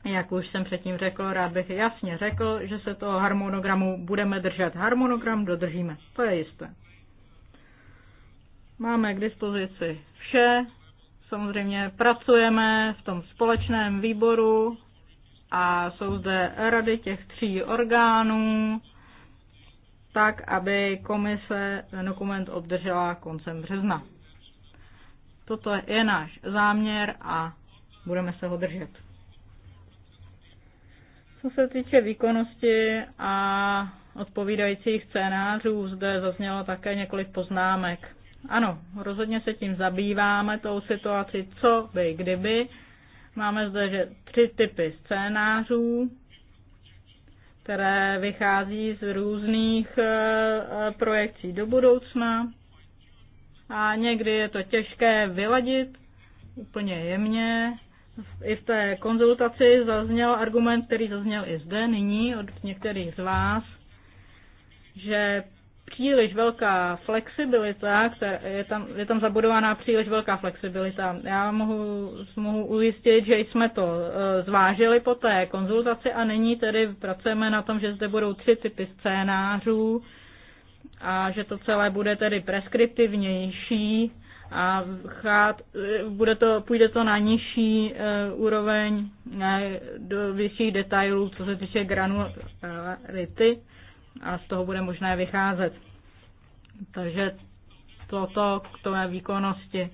Jak už jsem předtím řekl, rád bych jasně řekl, že se toho harmonogramu budeme držet. Harmonogram dodržíme, to je jisté. Máme k dispozici vše, samozřejmě pracujeme v tom společném výboru a jsou zde rady těch tří orgánů, tak aby komise ten dokument obdržela koncem března. Toto je náš záměr a budeme se ho držet. Co se týče výkonnosti a odpovídajících scénářů, zde zaznělo také několik poznámek. Ano, rozhodně se tím zabýváme, tou situaci, co by, kdyby, Máme zde že tři typy scénářů, které vychází z různých eh, eh, projekcí do budoucna. A někdy je to těžké vyladit úplně jemně. I v té konzultaci zazněl argument, který zazněl i zde nyní od některých z vás, že příliš velká flexibilita, která je, tam, je tam zabudovaná příliš velká flexibilita. Já mohu, mohu ujistit, že jsme to eh, zvážili po té konzultaci a nyní tedy pracujeme na tom, že zde budou tři typy scénářů a že to celé bude tedy preskriptivnější a chát, eh, bude to, půjde to na nižší e, úroveň ne, do vyšších detailů, co se týče granularity. E, a z toho bude možné vycházet. Takže toto k tomu výkonnosti.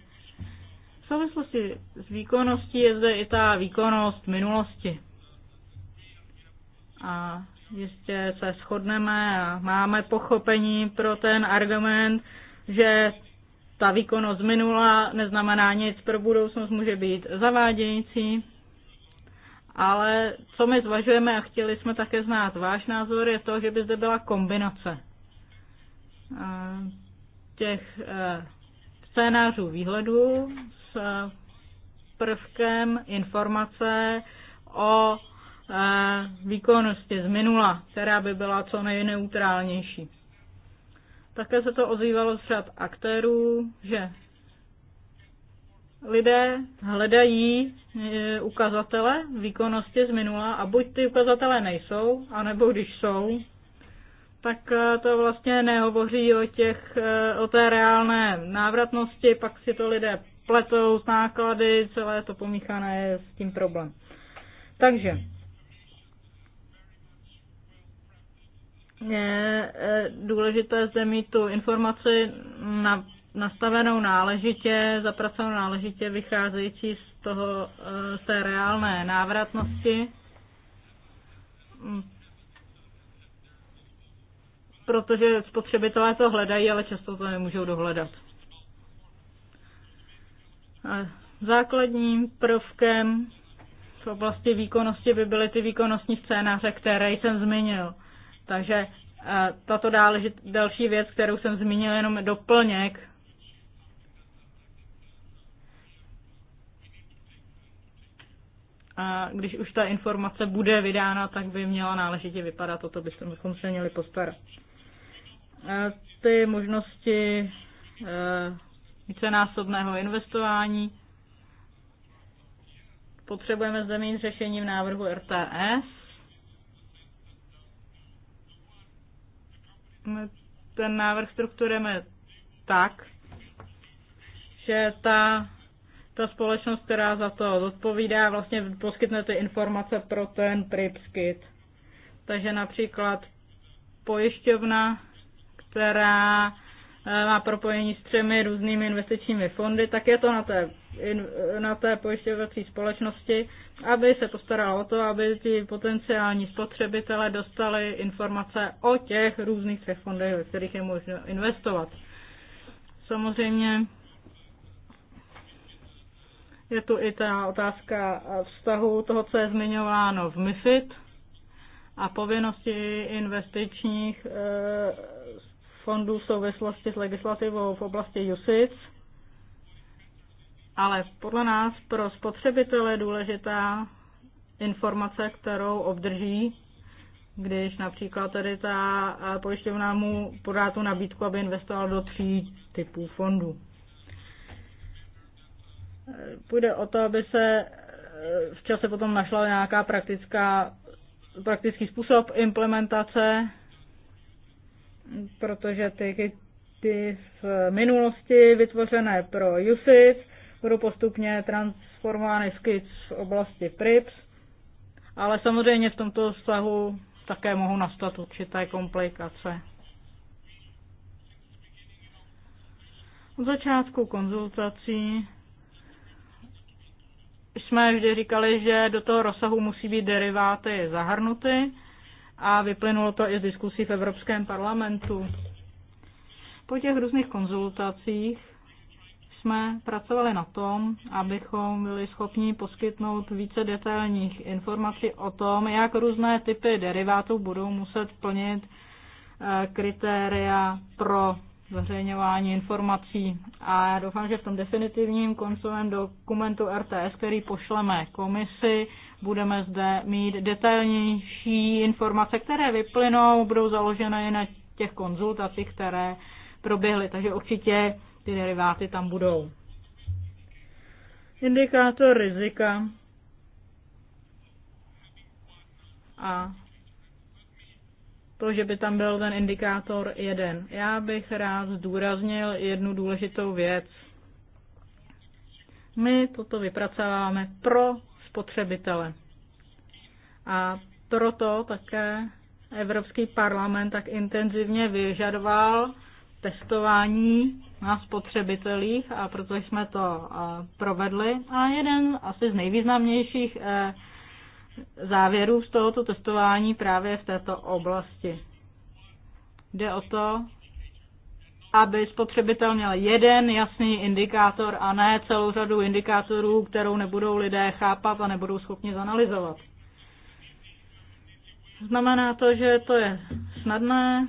V souvislosti s výkonností je zde i ta výkonnost minulosti. A jistě se shodneme a máme pochopení pro ten argument, že ta výkonnost minula neznamená nic pro budoucnost, může být zavádějící. Ale co my zvažujeme a chtěli jsme také znát váš názor, je to, že by zde byla kombinace eh, těch eh, scénářů výhledu s eh, prvkem informace o výkonnosti z minula, která by byla co nejneutrálnější. Také se to ozývalo z řad aktérů, že lidé hledají eh, ukazatele výkonnosti z minula a buď ty ukazatele nejsou, anebo když jsou, tak eh, to vlastně nehovoří o, těch, eh, o té reálné návratnosti, pak si to lidé pletou z náklady, celé to pomíchané je s tím problém. Takže je důležité zde mít tu informaci na nastavenou náležitě, zapracovanou náležitě, vycházející z, toho, eh, z té reálné návratnosti. Mm. Protože spotřebitelé to hledají, ale často to nemůžou dohledat. A základním prvkem v oblasti výkonnosti by byly ty výkonnostní scénáře, které jsem zmínil. Takže eh, tato další věc, kterou jsem zmínil, jenom doplněk a když už ta informace bude vydána, tak by měla náležitě vypadat, o to bychom se měli postarat. Ty možnosti e, vícenásobného investování potřebujeme zde mít řešení v návrhu RTS. Ten návrh strukturujeme tak, že ta ta společnost, která za to odpovídá, vlastně poskytne ty informace pro ten PRIPSKIT. Takže například pojišťovna, která eh, má propojení s třemi různými investičními fondy, tak je to na té, na té pojišťovací společnosti, aby se postaralo o to, aby ti potenciální spotřebitele dostali informace o těch různých třech fondech, ve kterých je možno investovat. Samozřejmě je tu i ta otázka vztahu toho, co je zmiňováno v MIFID a povinnosti investičních eh, fondů v souvislosti s legislativou v oblasti USIC. Ale podle nás pro spotřebitele je důležitá informace, kterou obdrží, když například tedy ta eh, pojišťovna mu podá tu nabídku, aby investoval do tří typů fondů. Půjde o to, aby se eh, v čase potom našla nějaká praktická, praktický způsob implementace, protože ty ty v minulosti vytvořené pro USIS budou postupně transformovány z KIDS v oblasti PRIPS, ale samozřejmě v tomto vztahu také mohou nastat určité komplikace. Od začátku konzultací jsme vždy říkali, že do toho rozsahu musí být deriváty zahrnuty a vyplynulo to i z diskusí v Evropském parlamentu. Po těch různých konzultacích jsme pracovali na tom, abychom byli schopni poskytnout více detailních informací o tom, jak různé typy derivátů budou muset plnit eh, kritéria pro zveřejňování informací. A já doufám, že v tom definitivním koncovém dokumentu RTS, který pošleme komisi, budeme zde mít detailnější informace, které vyplynou, budou založeny na těch konzultacích, které proběhly. Takže určitě ty deriváty tam budou. Indikátor rizika a to, že by tam byl ten indikátor jeden. Já bych rád zdůraznil jednu důležitou věc. My toto vypracováváme pro spotřebitele. A proto také Evropský parlament tak intenzivně vyžadoval testování na spotřebitelích a proto jsme to eh, provedli. A jeden asi z nejvýznamnějších eh, závěrů z tohoto testování právě v této oblasti. Jde o to, aby spotřebitel měl jeden jasný indikátor a ne celou řadu indikátorů, kterou nebudou lidé chápat a nebudou schopni zanalizovat. Znamená to, že to je snadné,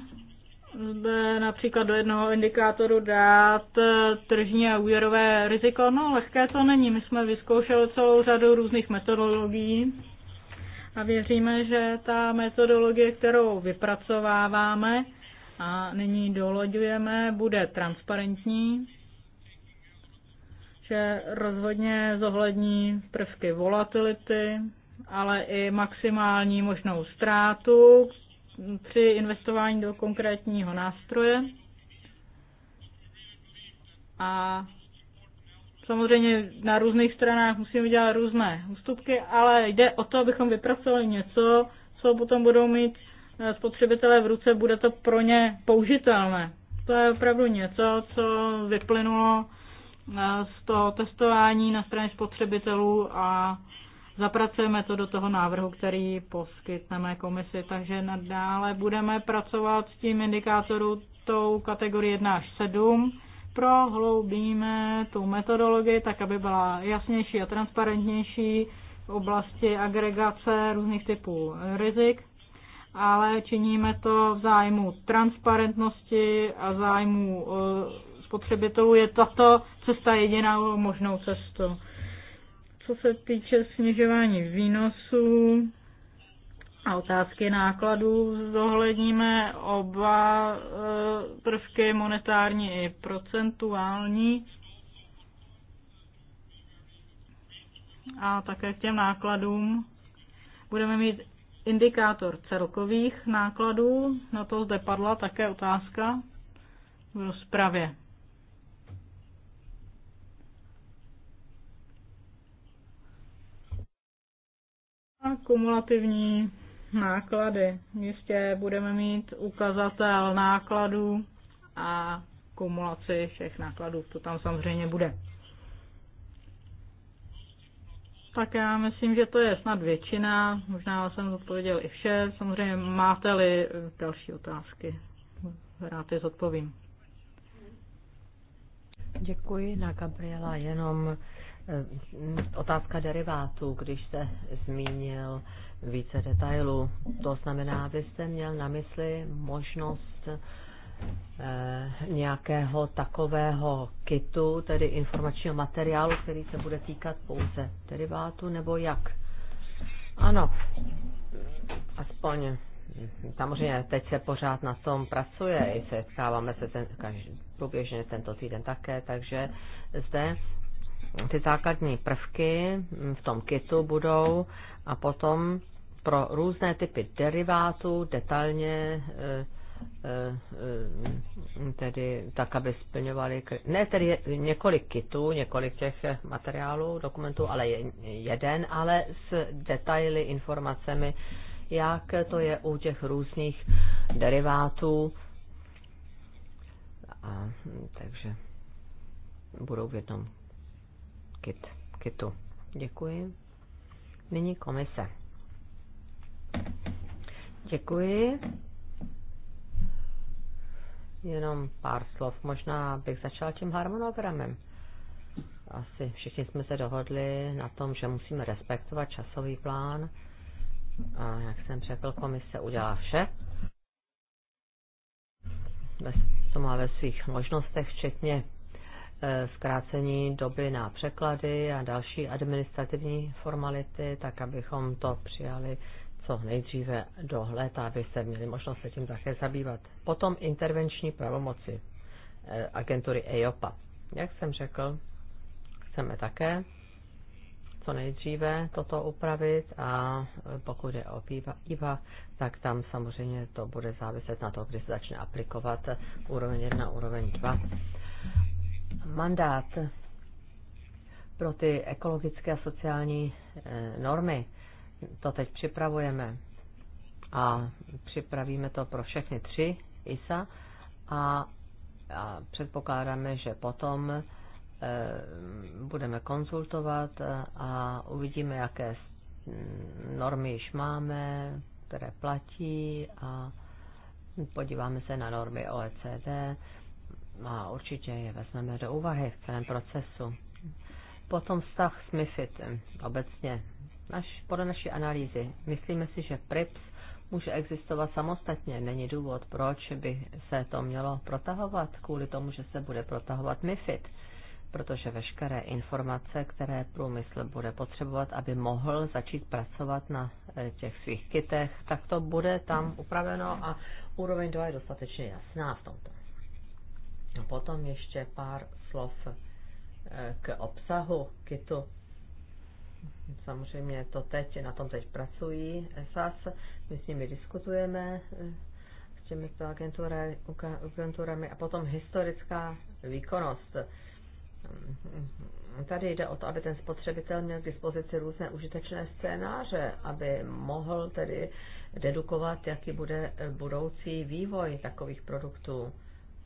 zde například do jednoho indikátoru dát eh, tržní a úvěrové riziko. No, lehké to není. My jsme vyzkoušeli celou řadu různých metodologií a věříme, že ta metodologie, kterou vypracováváme a nyní doloďujeme, bude transparentní, že rozhodně zohlední prvky volatility, ale i maximální možnou ztrátu při investování do konkrétního nástroje. A samozřejmě na různých stranách musíme dělat různé ústupky, ale jde o to, abychom vypracovali něco, co potom budou mít eh, spotřebitelé v ruce, bude to pro ně použitelné. To je opravdu něco, co vyplynulo eh, z toho testování na straně spotřebitelů a zapracujeme to do toho návrhu, který poskytneme komisi. Takže nadále budeme pracovat s tím indikátorů tou kategorii 1 až 7 prohloubíme tu metodologii tak, aby byla jasnější a transparentnější v oblasti agregace různých typů rizik, ale činíme to v zájmu transparentnosti a zájmu eh, spotřebitelů. Je tato cesta jedinou možnou cestou. Co se týče snižování výnosů, a otázky nákladů zohledníme oba eh, prvky monetární i procentuální. A také k těm nákladům budeme mít indikátor celkových nákladů. Na to zde padla také otázka v rozpravě. A kumulativní náklady. Jistě budeme mít ukazatel nákladů a kumulaci všech nákladů. To tam samozřejmě bude. Tak já myslím, že to je snad většina. Možná jsem zodpověděl i vše. Samozřejmě máte-li další otázky, rád je zodpovím. Děkuji na Gabriela. Jenom eh, otázka derivátů, když jste zmínil více detailů. To znamená, vy měl na mysli možnost eh, nějakého takového kitu, tedy informačního materiálu, který se bude týkat pouze derivátu, nebo jak? Ano, aspoň samozřejmě teď se pořád na tom pracuje, i stáváme se ten, každý, průběžně tento týden také, takže zde ty základní prvky v tom kitu budou a potom pro různé typy derivátů detailně eh, eh, tedy tak, aby splňovali, ne tedy několik kitů, několik těch materiálů, dokumentů, ale jeden, ale s detaily, informacemi, jak to je u těch různých derivátů. A, takže budou v jednom kit, kitu. Děkuji. Nyní komise. Děkuji. Jenom pár slov. Možná bych začal tím harmonogramem. Asi všichni jsme se dohodli na tom, že musíme respektovat časový plán. A jak jsem řekl, komise udělá vše, To má ve svých možnostech, včetně e, zkrácení doby na překlady a další administrativní formality, tak abychom to přijali co nejdříve do léta, abyste měli možnost se tím také zabývat. Potom intervenční pravomoci eh, agentury EIOPA. Jak jsem řekl, chceme také co nejdříve toto upravit a eh, pokud je o IVA, tak tam samozřejmě to bude záviset na to, kdy se začne aplikovat eh, úroveň 1, úroveň 2. Mandát pro ty ekologické a sociální normy to teď připravujeme a připravíme to pro všechny tři ISA a, a předpokládáme, že potom e, budeme konzultovat a uvidíme, jaké mm, normy již máme, které platí a podíváme se na normy OECD a určitě je vezmeme do úvahy v celém procesu. Potom vztah s MIFID obecně naš, podle naší analýzy. Myslíme si, že PRIPS může existovat samostatně. Není důvod, proč by se to mělo protahovat kvůli tomu, že se bude protahovat MIFID, protože veškeré informace, které průmysl bude potřebovat, aby mohl začít pracovat na eh, těch svých kitech, tak to bude tam upraveno a úroveň 2 je dostatečně jasná v tomto. A potom ještě pár slov eh, k obsahu kitu samozřejmě to teď, na tom teď pracují SAS, my s nimi diskutujeme, eh, s těmito agenturami a potom historická výkonnost. Mm, tady jde o to, aby ten spotřebitel měl k dispozici různé užitečné scénáře, aby mohl tedy dedukovat, jaký bude eh, budoucí vývoj takových produktů.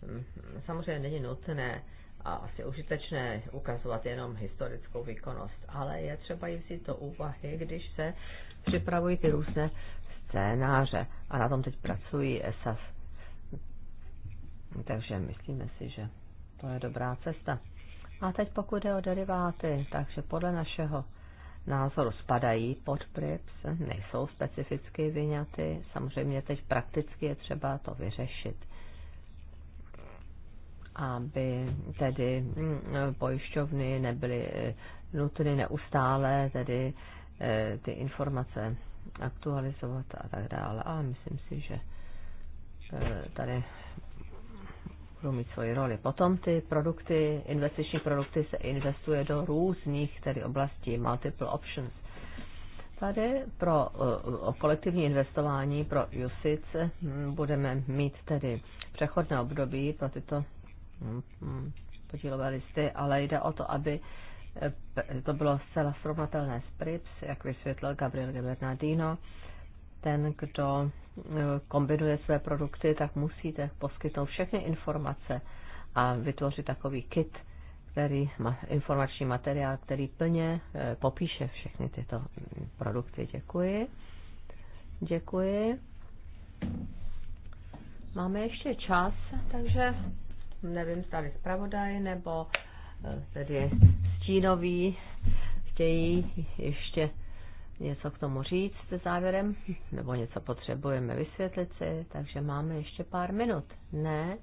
Mm, samozřejmě není nutné a asi užitečné ukazovat jenom historickou výkonnost, ale je třeba jít si to úvahy, když se připravují ty různé scénáře a na tom teď pracují SAS. Takže myslíme si, že to je dobrá cesta. A teď pokud jde o deriváty, takže podle našeho názoru spadají pod PRIPS, nejsou specificky vyňaty. Samozřejmě teď prakticky je třeba to vyřešit aby tedy mm, pojišťovny nebyly eh, nutny neustále tedy eh, ty informace aktualizovat a tak dále. A myslím si, že eh, tady budou mít svoji roli. Potom ty produkty, investiční produkty se investuje do různých tedy oblastí, multiple options. Tady pro o kolektivní investování pro USIC hm, budeme mít tedy přechodné období pro tyto podílovali jste, ale jde o to, aby eh, to bylo zcela srovnatelné s PRIPS, jak vysvětlil Gabriel de Bernardino. Ten, kdo eh, kombinuje své produkty, tak musíte poskytnout všechny informace a vytvořit takový kit, který, informační materiál, který plně eh, popíše všechny tyto mm, produkty. Děkuji. Děkuji. Máme ještě čas, takže nevím, stali zpravodaj nebo eh, tedy stínový, chtějí ještě něco k tomu říct závěrem, nebo něco potřebujeme vysvětlit si, takže máme ještě pár minut. Ne?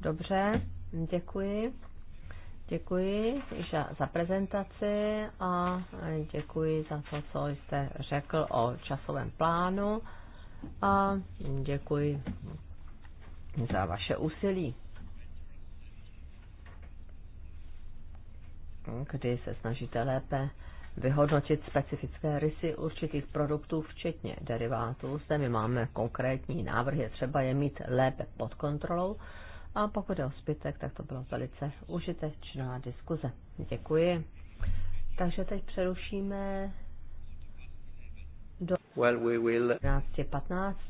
Dobře, děkuji. Děkuji za prezentaci a děkuji za to, co jste řekl o časovém plánu a děkuji za vaše úsilí. kdy se snažíte lépe vyhodnotit specifické rysy určitých produktů, včetně derivátů. Zde my máme konkrétní návrhy, třeba je mít lépe pod kontrolou. A pokud je o zbytek, tak to bylo velice užitečná diskuze. Děkuji. Takže teď přerušíme do well, we will... 15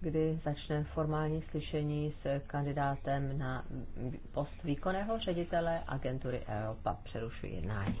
kdy začne formální slyšení s kandidátem na post výkonného ředitele agentury EOPA. Přerušuji jednání.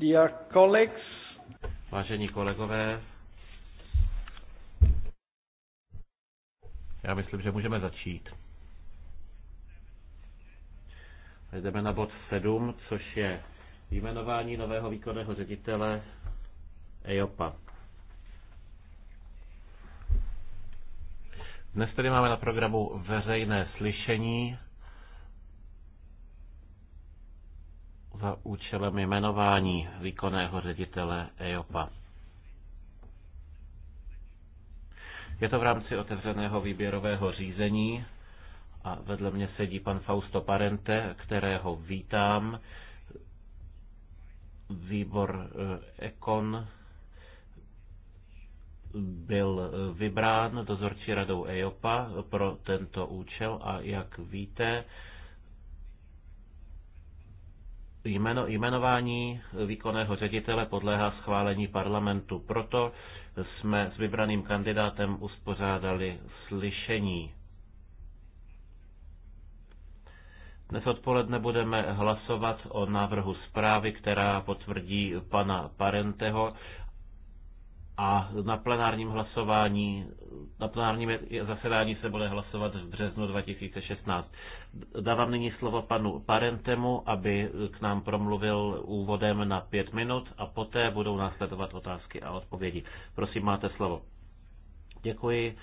Dear colleagues. Vážení kolegové, já myslím, že můžeme začít. Jdeme na bod 7, což je jmenování nového výkonného ředitele EOPA. Dnes tedy máme na programu veřejné slyšení za účelem jmenování výkonného ředitele EOPA. Je to v rámci otevřeného výběrového řízení a vedle mě sedí pan Fausto Parente, kterého vítám. Výbor Ekon eh, byl eh, vybrán dozorčí radou EOPA pro tento účel a jak víte, Jméno, jmenování výkonného ředitele podléhá schválení parlamentu. Proto jsme s vybraným kandidátem uspořádali slyšení. Dnes odpoledne budeme hlasovat o návrhu zprávy, která potvrdí pana Parenteho a na plenárním hlasování, na plenárním zasedání se bude hlasovat v březnu 2016. Dávám nyní slovo panu Parentemu, aby k nám promluvil úvodem na pět minut a poté budou následovat otázky a odpovědi. Prosím, máte slovo. Děkuji.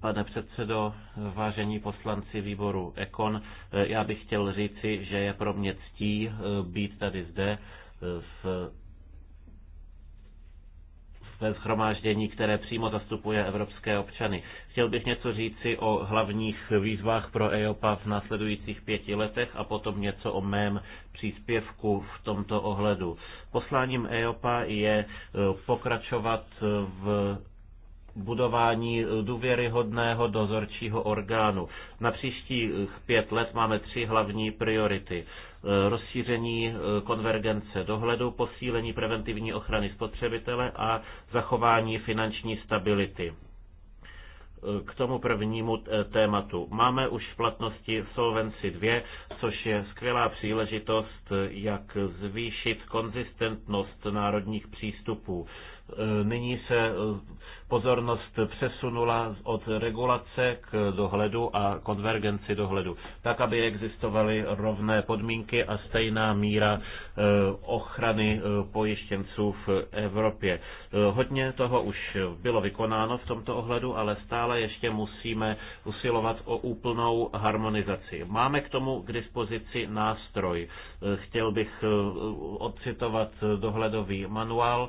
Pane předsedo, vážení poslanci výboru Ekon, já bych chtěl říci, že je pro mě ctí být tady zde v ve schromáždění, které přímo zastupuje evropské občany. Chtěl bych něco říci o hlavních výzvách pro EOPA v následujících pěti letech a potom něco o mém příspěvku v tomto ohledu. Posláním EOPA je eh, pokračovat eh, v budování důvěryhodného dozorčího orgánu. Na příštích pět let máme tři hlavní priority. E, rozšíření e, konvergence dohledu, posílení preventivní ochrany spotřebitele a zachování finanční stability e, k tomu prvnímu tématu. Máme už v platnosti Solvency 2, což je skvělá příležitost, jak zvýšit konzistentnost národních přístupů. Eh, nyní se eh, pozornost přesunula od regulace k dohledu a konvergenci dohledu, tak, aby existovaly rovné podmínky a stejná míra eh, ochrany pojištěnců v Evropě. Hodně toho už bylo vykonáno v tomto ohledu, ale stále ještě musíme usilovat o úplnou harmonizaci. Máme k tomu k dispozici nástroj. Chtěl bych odcitovat dohledový manuál,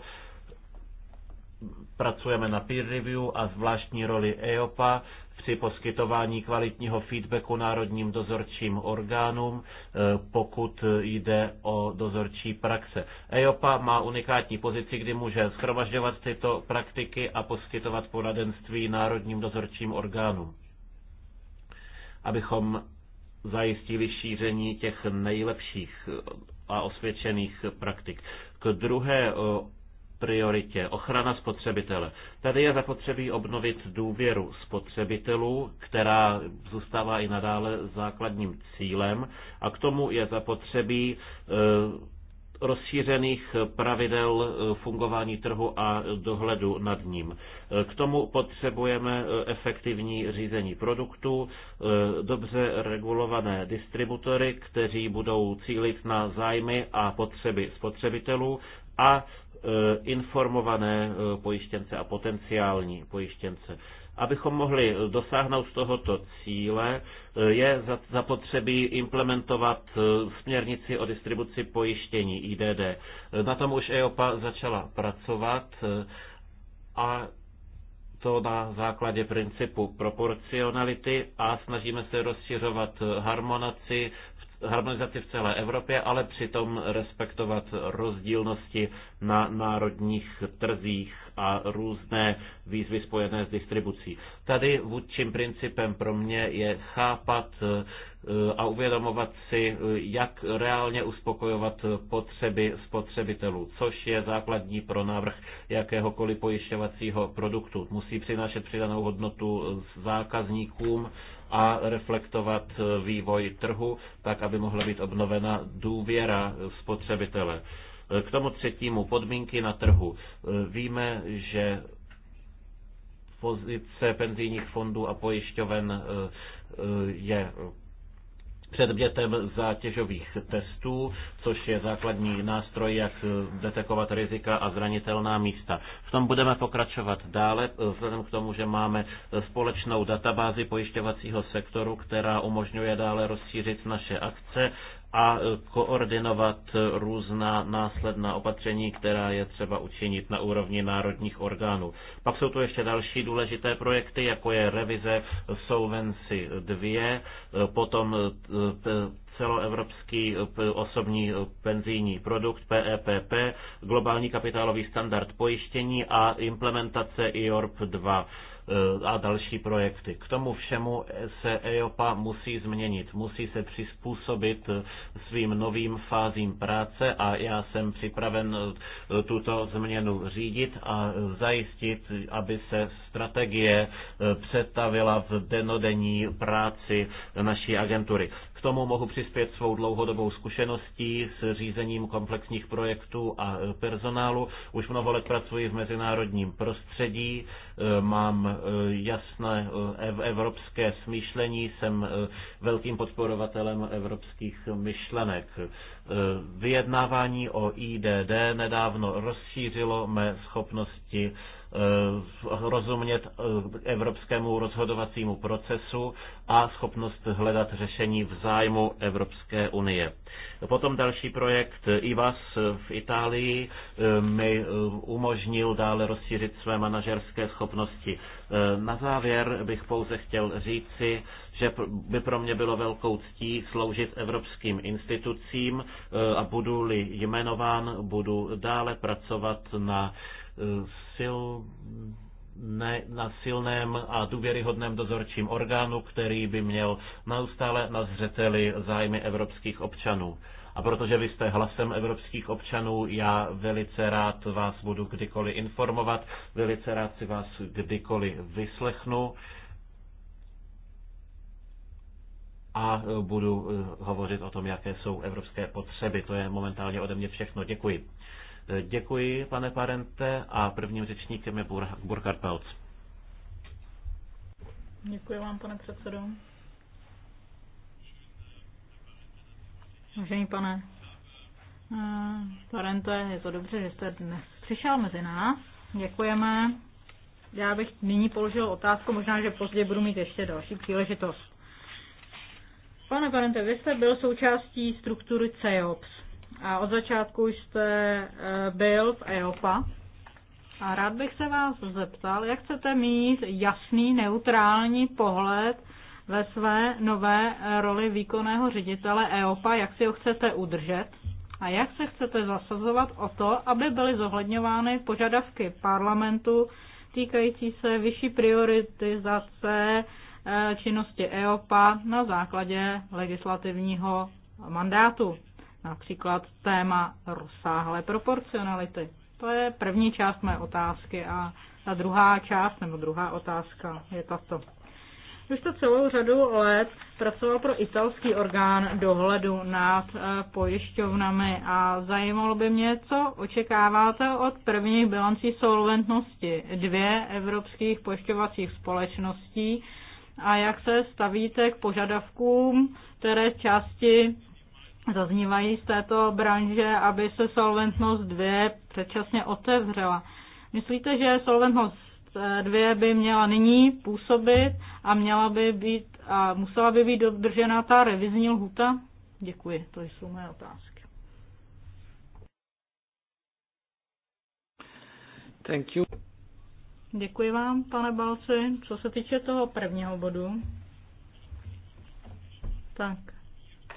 pracujeme na peer review a zvláštní roli EOPA při poskytování kvalitního feedbacku národním dozorčím orgánům, eh, pokud jde o dozorčí praxe. EOPA má unikátní pozici, kdy může schromažďovat tyto praktiky a poskytovat poradenství národním dozorčím orgánům, abychom zajistili šíření těch nejlepších eh, a osvědčených praktik. K druhé eh, prioritě ochrana spotřebitele. Tady je zapotřebí obnovit důvěru spotřebitelů, která zůstává i nadále základním cílem a k tomu je zapotřebí eh, rozšířených pravidel eh, fungování trhu a dohledu nad ním. Eh, k tomu potřebujeme efektivní řízení produktů, dobře regulované distributory, kteří budou cílit na zájmy a potřeby spotřebitelů a Eh, informované eh, pojištěnce a potenciální pojištěnce. Abychom mohli dosáhnout tohoto cíle, eh, je zapotřebí implementovat směrnici o distribuci pojištění IDD. Na tom už EOPA začala pracovat a to na základě principu proporcionality a snažíme se rozšiřovat harmonaci, harmonizaci v celé Evropě, ale přitom respektovat rozdílnosti na národních trzích a různé výzvy spojené s distribucí. Tady vůdčím principem pro mě je chápat eh, a uvědomovat si, eh, jak reálně uspokojovat potřeby spotřebitelů, což je základní pro návrh jakéhokoliv pojišťovacího produktu. Musí přinášet přidanou hodnotu zákazníkům, a reflektovat eh, vývoj trhu, tak aby mohla být obnovena důvěra spotřebitele. Eh, k tomu třetímu podmínky na trhu. Eh, víme, že pozice penzijních fondů a pojišťoven je předmětem zátěžových testů, což je základní nástroj, jak detekovat rizika a zranitelná místa. V tom budeme pokračovat dále, vzhledem k tomu, že máme společnou databázi pojišťovacího sektoru, která umožňuje dále rozšířit naše akce a e, koordinovat e, různá následná opatření, která je třeba učinit na úrovni národních orgánů. Pak jsou tu ještě další důležité projekty, jako je revize Souvenci 2, e, potom celoevropský osobní penzijní produkt PEPP, globální kapitálový standard pojištění a implementace IORP 2. Eh, a další projekty. K tomu všemu se EOPA musí změnit, musí se přizpůsobit eh, svým novým fázím práce a já jsem připraven eh, tuto změnu řídit a zajistit, aby se strategie přetavila v denodenní práci naší agentury. K tomu mohu přispět svou dlouhodobou zkušeností s řízením komplexních projektů a e, personálu. Už mnoho let pracuji v mezinárodním prostředí, e, mám e, jasné evropské smýšlení, jsem velkým podporovatelem evropských myšlenek. Vyjednávání o IDD nedávno rozšířilo mé schopnosti Eh, rozumět eh, evropskému rozhodovacímu procesu a schopnost hledat řešení v zájmu Evropské unie. Potom další projekt IVAS v Itálii eh, mi umožnil dále rozšířit své manažerské schopnosti. Na závěr bych pouze chtěl říci, že by pro mě bylo velkou ctí sloužit evropským institucím a budu-li jmenován, budu dále pracovat na sil, ne, na silném a důvěryhodném dozorčím orgánu, který by měl neustále na zřeteli zájmy evropských občanů. A protože vy jste hlasem evropských občanů, já velice rád vás budu kdykoliv informovat, velice rád si vás kdykoliv vyslechnu a budu eh, hovořit o tom, jaké jsou evropské potřeby. To je momentálně ode mě všechno. Děkuji. Děkuji, pane Parente, a prvním řečníkem je Burkhard Pelc. Děkuji vám, pane předsedo. Vážený pane eh, Parente, je to dobře, že jste dnes přišel mezi nás. Děkujeme. Já bych nyní položil otázku, možná, že později budu mít ještě další příležitost. Pane Parente, vy jste byl součástí struktury CEOPS. A od začátku jste eh, byl v EOPA. A rád bych se vás zeptal, jak chcete mít jasný, neutrální pohled ve své nové eh, roli výkonného ředitele EOPA, jak si ho chcete udržet a jak se chcete zasazovat o to, aby byly zohledňovány požadavky parlamentu týkající se vyšší prioritizace eh, činnosti EOPA na základě legislativního mandátu. Například téma rozsáhlé proporcionality. To je první část mé otázky a ta druhá část nebo druhá otázka je tato. Už to celou řadu let pracoval pro italský orgán dohledu nad eh, pojišťovnami a zajímalo by mě, co očekáváte od prvních bilancí solventnosti dvě evropských pojišťovacích společností a jak se stavíte k požadavkům, které části zaznívají z této branže, aby se Solventnost 2 předčasně otevřela. Myslíte, že Solventnost 2 by měla nyní působit a měla by být a musela by být dodržena ta revizní lhuta? Děkuji, to jsou moje otázky. Thank you. Děkuji vám, pane Balci. Co se týče toho prvního bodu, tak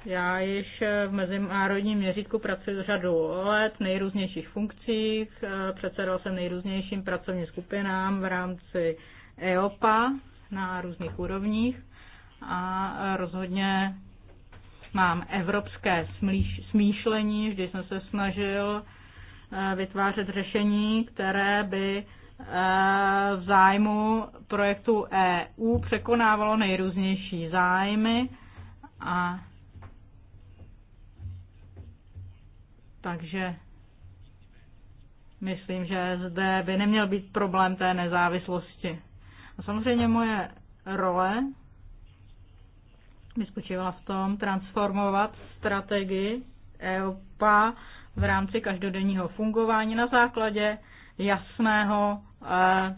já již eh, v mezinárodním měřítku pracuji řadu let v nejrůznějších funkcích. Eh, předsedal jsem nejrůznějším pracovním skupinám v rámci EOPA na různých úrovních a eh, rozhodně mám evropské smýšlení, vždy jsem se snažil vytvářet řešení, které by v zájmu projektu EU překonávalo nejrůznější zájmy a Takže myslím, že zde by neměl být problém té nezávislosti. A samozřejmě moje role by spočívala v tom transformovat strategii EOPA v rámci každodenního fungování na základě jasného eh,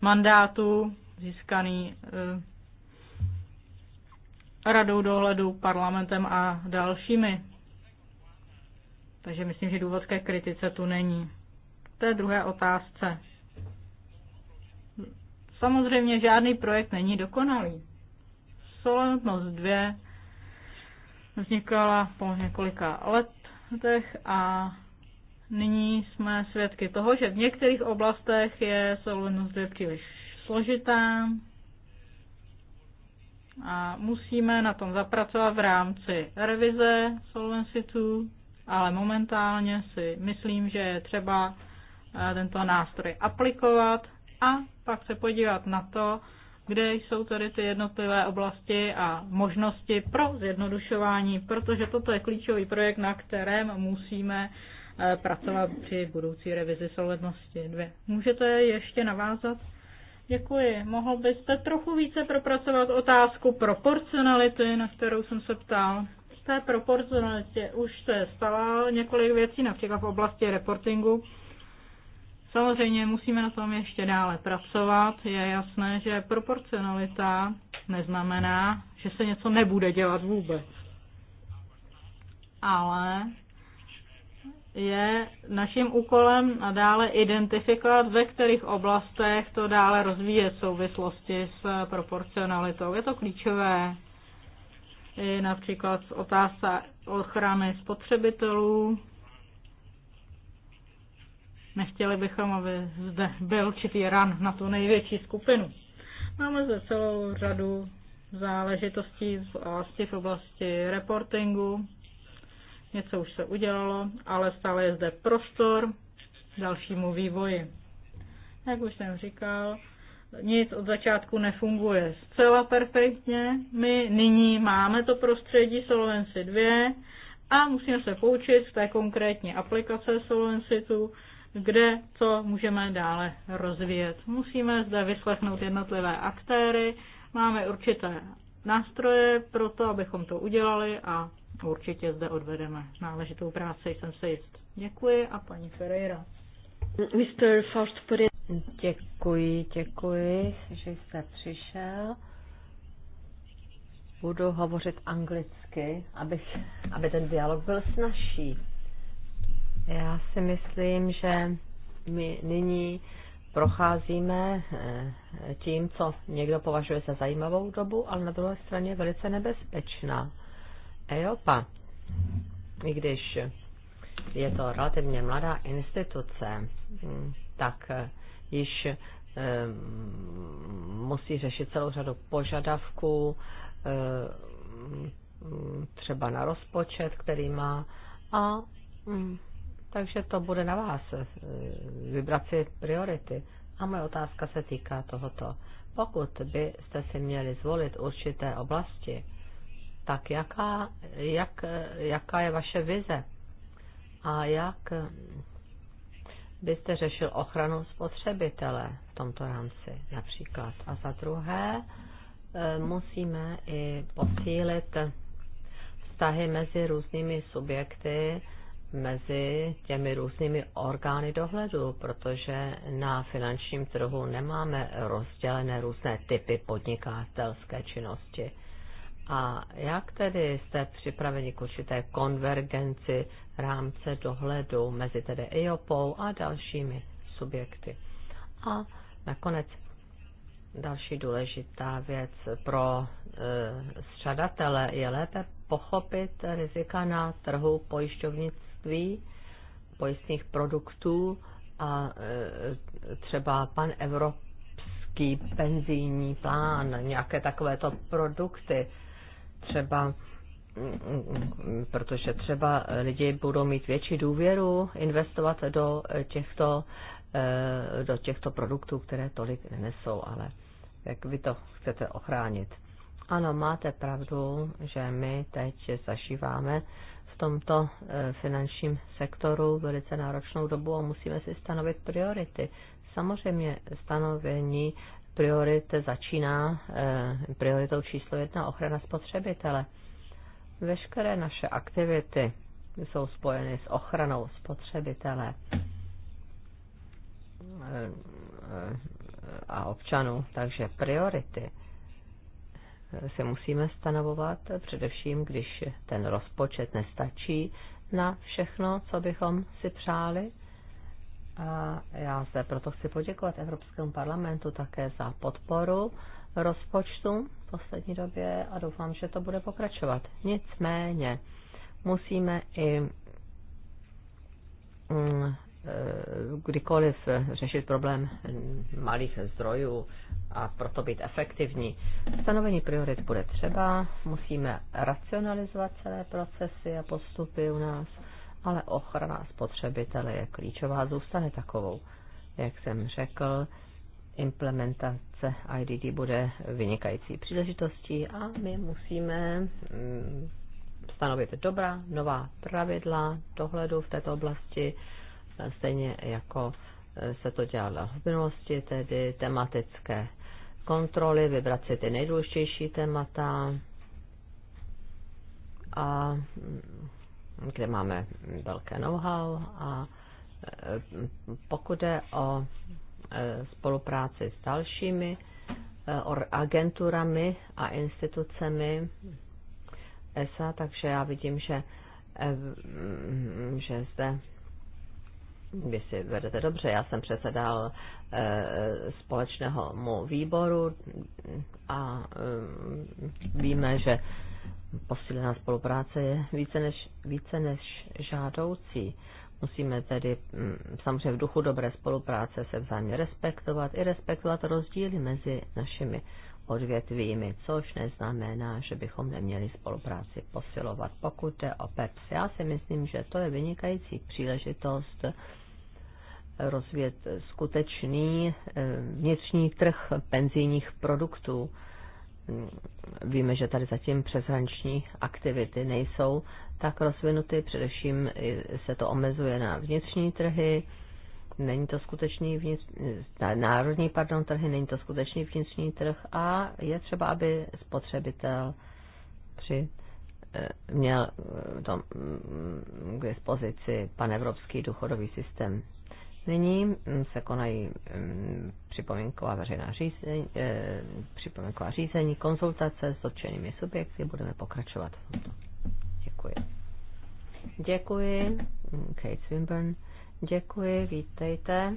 mandátu získaný eh, radou dohledu, parlamentem a dalšími. Takže myslím, že důvod ke kritice tu není. To je druhé otázce. Samozřejmě žádný projekt není dokonalý. Solentnost 2 vznikala po několika letech a nyní jsme svědky toho, že v některých oblastech je solentnost 2 příliš složitá a musíme na tom zapracovat v rámci revize Solvency 2 ale momentálně si myslím, že je třeba eh, tento nástroj aplikovat a pak se podívat na to, kde jsou tedy ty jednotlivé oblasti a možnosti pro zjednodušování, protože toto je klíčový projekt, na kterém musíme eh, pracovat při budoucí revizi solidnosti. 2. Můžete ještě navázat? Děkuji. Mohl byste trochu více propracovat otázku proporcionality, na kterou jsem se ptal? té proporcionalitě už se stala několik věcí, například v oblasti reportingu. Samozřejmě musíme na tom ještě dále pracovat. Je jasné, že proporcionalita neznamená, že se něco nebude dělat vůbec. Ale je naším úkolem nadále identifikovat, ve kterých oblastech to dále rozvíjet v souvislosti s proporcionalitou. Je to klíčové je například otázka ochrany spotřebitelů. Nechtěli bychom, aby zde byl určitý ran na tu největší skupinu. Máme zde celou řadu záležitostí vlastně v oblasti reportingu. Něco už se udělalo, ale stále je zde prostor dalšímu vývoji. Jak už jsem říkal, nic od začátku nefunguje zcela perfektně. My nyní máme to prostředí Solvency 2 a musíme se poučit v té konkrétní aplikace Solvency 2, kde co můžeme dále rozvíjet. Musíme zde vyslechnout jednotlivé aktéry, máme určité nástroje pro to, abychom to udělali a určitě zde odvedeme náležitou práci, jsem se jist. Děkuji a paní Ferreira. Mr. Děkuji, děkuji, že jste přišel. Budu hovořit anglicky, abych, aby ten dialog byl snažší. Já si myslím, že my nyní procházíme eh, tím, co někdo považuje za zajímavou dobu, ale na druhé straně velice nebezpečná. EOPA, i když je to relativně mladá instituce, hm, tak eh, již eh, musí řešit celou řadu požadavků, eh, třeba na rozpočet, který má. A mm, takže to bude na vás eh, vybrat si priority. A moje otázka se týká tohoto. Pokud byste si měli zvolit určité oblasti, tak jaká, jak, jaká je vaše vize? A jak byste řešil ochranu spotřebitele v tomto rámci například. A za druhé e, musíme i posílit vztahy mezi různými subjekty, mezi těmi různými orgány dohledu, protože na finančním trhu nemáme rozdělené různé typy podnikatelské činnosti. A jak tedy jste připraveni k určité konvergenci rámce dohledu mezi tedy EOPou a dalšími subjekty? A nakonec další důležitá věc pro e, střadatele je lépe pochopit rizika na trhu pojišťovnictví, pojistných produktů a e, třeba pan Evropský penzijní plán, nějaké takovéto produkty. E, třeba protože třeba lidi budou mít větší důvěru investovat do těchto, eh, do těchto produktů, které tolik nesou, ale jak vy to chcete ochránit. Ano, máte pravdu, že my teď zažíváme v tomto eh, finančním sektoru velice náročnou dobu a musíme si stanovit priority. Samozřejmě stanovení priorit začíná eh, prioritou číslo jedna ochrana spotřebitele. Veškeré naše aktivity jsou spojeny s ochranou spotřebitele eh, eh, a občanů, takže priority se musíme stanovovat především, když ten rozpočet nestačí na všechno, co bychom si přáli, a já se proto chci poděkovat Evropskému parlamentu také za podporu rozpočtu v poslední době a doufám, že to bude pokračovat. Nicméně musíme i mm, eh, kdykoliv řešit problém malých zdrojů a proto být efektivní. Stanovení priorit bude třeba, musíme racionalizovat celé procesy a postupy u nás ale ochrana spotřebitele je klíčová, zůstane takovou. Jak jsem řekl, implementace IDD bude vynikající příležitostí a my musíme mm, stanovit dobrá, nová pravidla dohledu v této oblasti, stejně jako e, se to dělalo v minulosti, tedy tematické kontroly, vybrat si ty nejdůležitější témata a mm, kde máme velké know-how a e, pokud je o e, spolupráci s dalšími e, agenturami a institucemi ESA, takže já vidím, že, že zde vy si vedete dobře. Já jsem předsedal společného mu výboru a víme, že Posílená spolupráce je více než, více než žádoucí. Musíme tedy mm, samozřejmě v duchu dobré spolupráce se vzájemně respektovat i respektovat rozdíly mezi našimi odvětvími, což neznamená, že bychom neměli spolupráci posilovat. Pokud jde o PEPS, já si myslím, že to je vynikající příležitost rozvět skutečný eh, vnitřní trh penzijních produktů víme, že tady zatím přeshraniční aktivity nejsou tak rozvinuty, především se to omezuje na vnitřní trhy, není to skutečný vnitř, národní pardon, trhy, není to skutečný vnitřní trh a je třeba, aby spotřebitel při eh, měl to mm, k dispozici panevropský důchodový systém. Nyní mm, se konají mm, připomínková veřejná řízení, eh, připomínková řízení, konzultace s dotčenými subjekty. Budeme pokračovat v tomto. Děkuji. Děkuji, mm, Kate Swinburne. Děkuji, vítejte.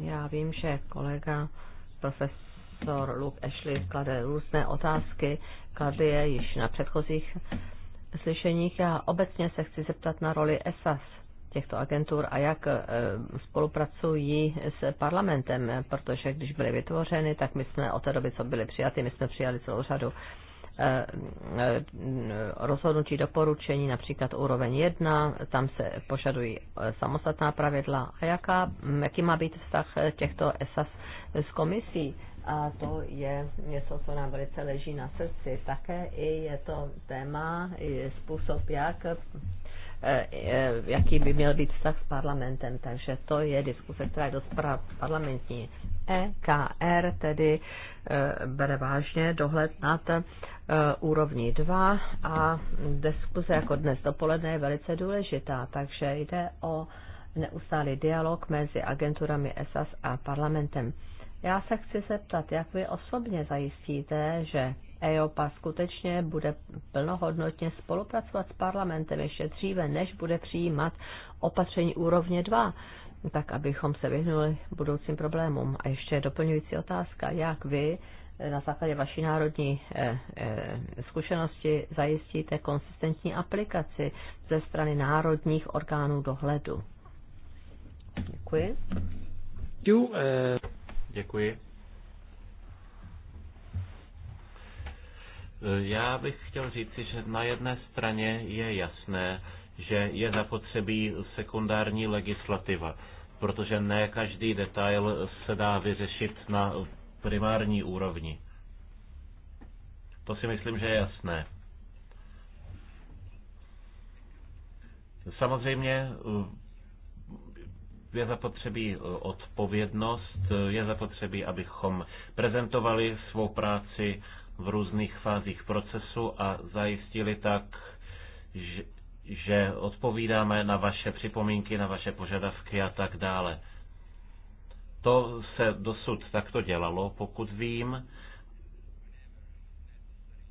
Já vím, že kolega profesor Luke Ashley klade různé otázky, klade je již na předchozích slyšeních. Já obecně se chci zeptat na roli ESAS těchto agentur a jak eh, spolupracují s parlamentem, protože když byly vytvořeny, tak my jsme od té doby, co byly přijaty, my jsme přijali celou řadu eh, eh, rozhodnutí doporučení, například úroveň 1, tam se požadují samostatná pravidla a jaká, jaký má být vztah těchto ESAS s komisí. A to je něco, co nám velice leží na srdci. Také i je to téma, je způsob, jak Eh, jaký by měl být vztah s parlamentem. Takže to je diskuse, která je dost parlamentní. EKR tedy eh, bere vážně dohled nad eh, úrovní 2 a diskuse jako dnes dopoledne je velice důležitá, takže jde o neustálý dialog mezi agenturami ESAS a parlamentem. Já se chci zeptat, jak vy osobně zajistíte, že EOPA skutečně bude plnohodnotně spolupracovat s parlamentem ještě dříve, než bude přijímat opatření úrovně 2, tak abychom se vyhnuli budoucím problémům. A ještě doplňující otázka, jak vy na základě vaší národní eh, eh, zkušenosti zajistíte konsistentní aplikaci ze strany národních orgánů dohledu. Děkuji. Děkuji. Eh, já bych chtěl říci, že na jedné straně je jasné, že je zapotřebí sekundární legislativa, protože ne každý detail se dá vyřešit na primární úrovni. To si myslím, že je jasné. Samozřejmě eh, je zapotřebí eh, odpovědnost, je zapotřebí, abychom prezentovali svou práci v různých fázích procesu a zajistili tak, že odpovídáme na vaše připomínky, na vaše požadavky a tak dále. To se dosud takto dělalo, pokud vím,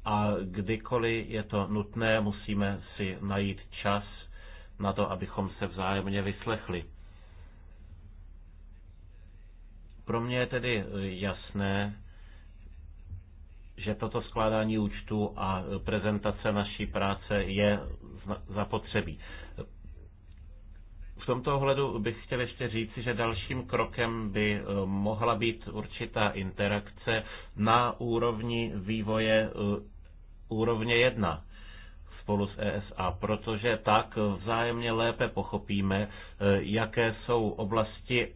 a kdykoliv je to nutné, musíme si najít čas na to, abychom se vzájemně vyslechli. Pro mě je tedy jasné, že toto skládání účtu a prezentace naší práce je zapotřebí. V tomto ohledu bych chtěl ještě říci, že dalším krokem by eh, mohla být určitá interakce na úrovni vývoje eh, úrovně 1 spolu s ESA, protože tak vzájemně lépe pochopíme, eh, jaké jsou oblasti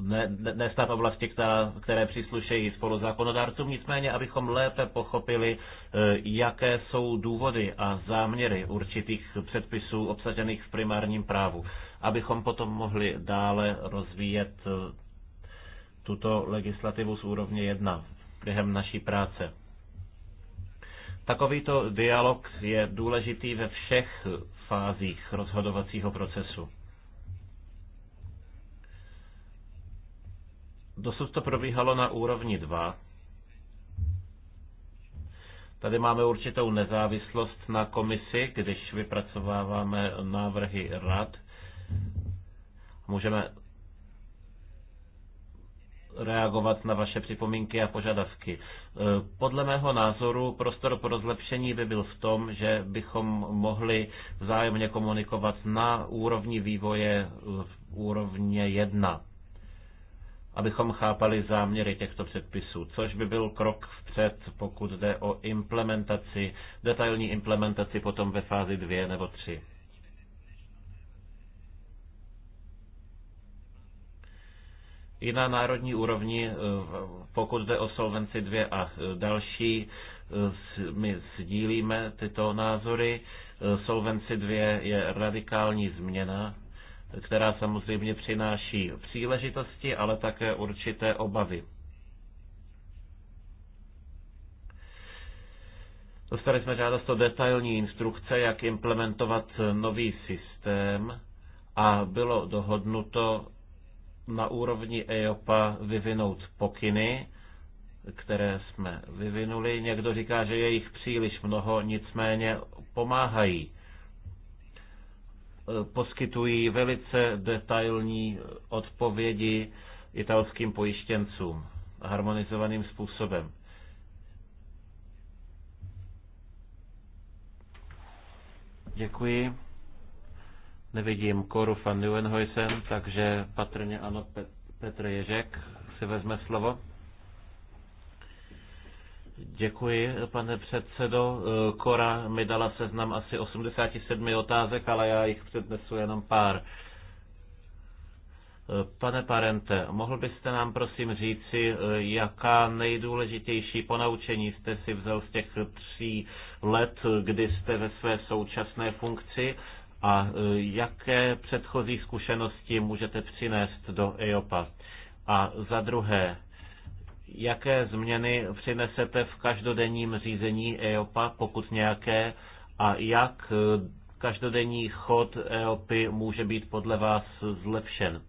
ne, ne, nestat oblasti, která, které příslušejí zákonodárcům, nicméně abychom lépe pochopili, eh, jaké jsou důvody a záměry určitých předpisů obsažených v primárním právu, abychom potom mohli dále rozvíjet eh, tuto legislativu z úrovně 1 během naší práce. Takovýto dialog je důležitý ve všech fázích rozhodovacího procesu. Dosud to probíhalo na úrovni 2. Tady máme určitou nezávislost na komisi, když vypracováváme návrhy rad. Můžeme reagovat na vaše připomínky a požadavky. Podle mého názoru prostor pro zlepšení by byl v tom, že bychom mohli vzájemně komunikovat na úrovni vývoje úrovně 1 abychom chápali záměry těchto předpisů, což by byl krok vpřed, pokud jde o implementaci, detailní implementaci potom ve fázi 2 nebo 3. I na národní úrovni, eh, pokud jde o solvenci 2 a eh, další, eh, my sdílíme tyto názory. Solvenci 2 je radikální změna která samozřejmě přináší příležitosti, ale také určité obavy. Dostali jsme žádost o detailní instrukce, jak implementovat nový systém a bylo dohodnuto na úrovni EOPA vyvinout pokyny, které jsme vyvinuli. Někdo říká, že je jich příliš mnoho, nicméně pomáhají poskytují velice detailní odpovědi italským pojištěncům harmonizovaným způsobem. Děkuji. Nevidím Koru van Nieuwenhuisen, takže patrně ano, Petr Ježek si vezme slovo. Děkuji, pane předsedo. Kora mi dala seznam asi 87 otázek, ale já jich přednesu jenom pár. Pane Parente, mohl byste nám prosím říci, jaká nejdůležitější ponaučení jste si vzal z těch tří let, kdy jste ve své současné funkci a jaké předchozí zkušenosti můžete přinést do EOPA? A za druhé, jaké změny přinesete v každodenním řízení EOPA, pokud nějaké, a jak eh, každodenní chod EOPy může být podle vás zlepšen.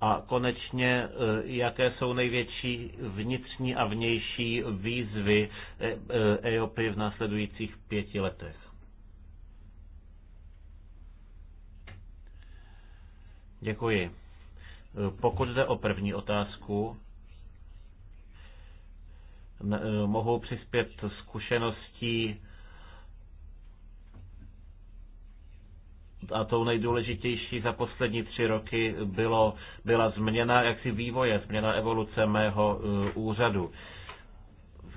A konečně, eh, jaké jsou největší vnitřní a vnější výzvy eh, EOPy v následujících pěti letech? Děkuji. Pokud jde o první otázku, Eh, mohou přispět zkušeností a tou nejdůležitější za poslední tři roky bylo, byla změna jaksi vývoje, změna evoluce mého eh, úřadu.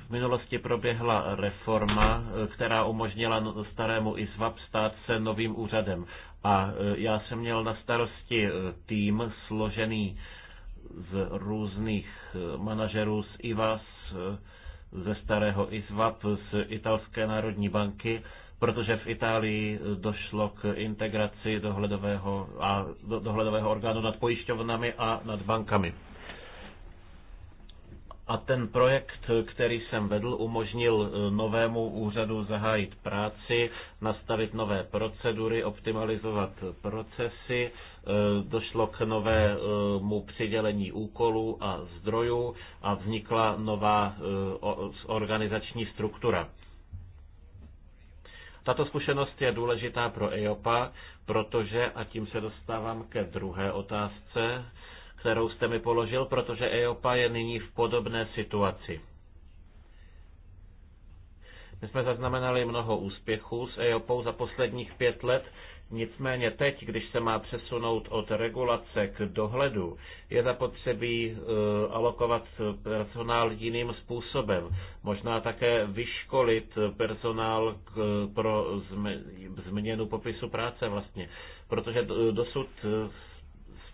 V minulosti proběhla reforma, eh, která umožnila no, starému ISVAP stát se novým úřadem. A já jsem měl na starosti tým složený z různých manažerů z IVAS, ze starého ISVAP z Italské národní banky, protože v Itálii došlo k integraci dohledového, a, do, dohledového orgánu nad pojišťovnami a nad bankami. A ten projekt, který jsem vedl, umožnil eh, novému úřadu zahájit práci, nastavit nové procedury, optimalizovat procesy, eh, došlo k novému přidělení úkolů a zdrojů a vznikla nová eh, organizační struktura. Tato zkušenost je důležitá pro EOPA, protože, a tím se dostávám ke druhé otázce, kterou jste mi položil, protože EOPA je nyní v podobné situaci. My jsme zaznamenali mnoho úspěchů s EOPou za posledních pět let, nicméně teď, když se má přesunout od regulace k dohledu, je zapotřebí uh, alokovat personál jiným způsobem. Možná také vyškolit personál k, pro změnu popisu práce vlastně, protože dosud e,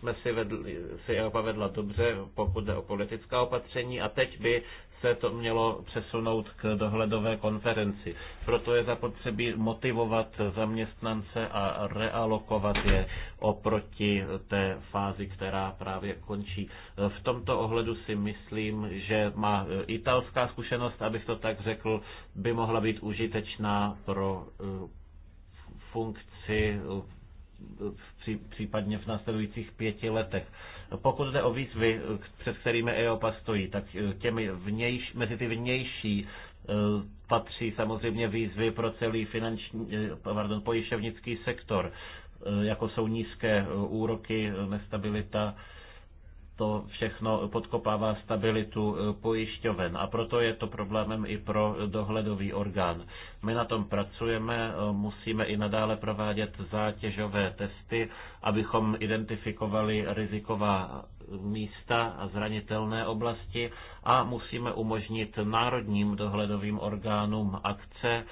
jsme si, vedli, si Evropa vedla dobře, pokud jde o politická opatření a teď by se to mělo přesunout k dohledové konferenci. Proto je zapotřebí motivovat zaměstnance a realokovat je oproti té fázi, která právě končí. V tomto ohledu si myslím, že má italská zkušenost, abych to tak řekl, by mohla být užitečná pro eh, funkci případně v následujících pěti letech. Pokud jde o výzvy, před kterými EOPA stojí, tak eh, těmi vnějš, mezi ty vnější eh, patří samozřejmě výzvy pro celý finanční, eh, pardon, pojišťovnický sektor, jako jsou nízké úroky, nestabilita, to všechno podkopává stabilitu eh, pojišťoven a proto je to problémem i pro dohledový orgán. My na tom pracujeme, eh, musíme i nadále provádět zátěžové testy, abychom identifikovali riziková místa a zranitelné oblasti a musíme umožnit národním dohledovým orgánům akce,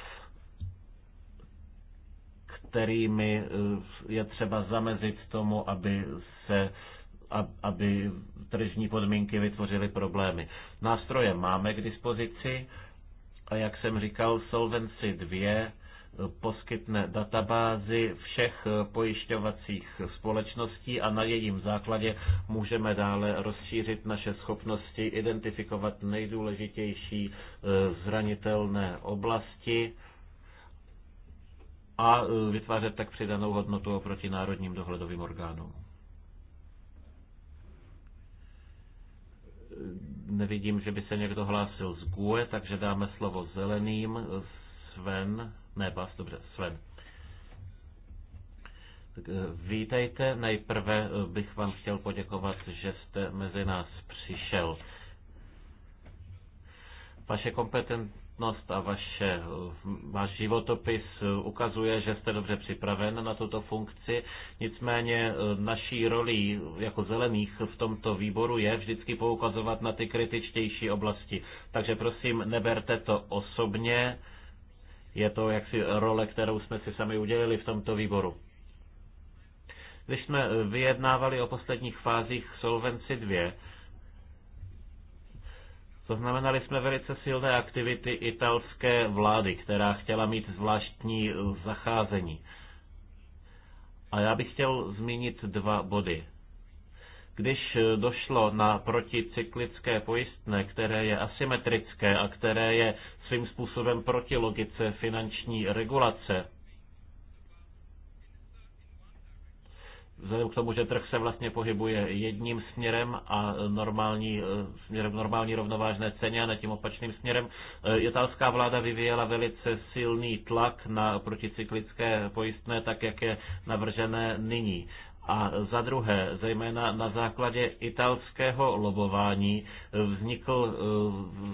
kterými eh, je třeba zamezit tomu, aby se aby tržní podmínky vytvořily problémy. Nástroje máme k dispozici a jak jsem říkal, Solvency 2 poskytne databázy všech pojišťovacích společností a na jejím základě můžeme dále rozšířit naše schopnosti identifikovat nejdůležitější e, zranitelné oblasti a e, vytvářet tak přidanou hodnotu oproti národním dohledovým orgánům. nevidím, že by se někdo hlásil z GUE, takže dáme slovo zeleným. Sven, ne, Bas, dobře, Sven. Tak, eh, vítejte. Nejprve eh, bych vám chtěl poděkovat, že jste mezi nás přišel. Vaše kompetence gramotnost a vaše, váš životopis ukazuje, že jste dobře připraven na tuto funkci. Nicméně eh, naší roli jako zelených v tomto výboru je vždycky poukazovat na ty kritičtější oblasti. Takže prosím, neberte to osobně. Je to jaksi role, kterou jsme si sami udělili v tomto výboru. Když jsme vyjednávali o posledních fázích Solvency 2, Zaznamenali jsme velice silné aktivity italské vlády, která chtěla mít zvláštní zacházení. A já bych chtěl zmínit dva body. Když došlo na proticyklické pojistné, které je asymetrické a které je svým způsobem proti logice finanční regulace, vzhledem k tomu, že trh se vlastně pohybuje jedním směrem a normální, e, směrem normální rovnovážné ceně a ne tím opačným směrem, e, italská vláda vyvíjela velice silný tlak na proticyklické pojistné, tak jak je navržené nyní. A za druhé, zejména na základě italského lobování e, vznikl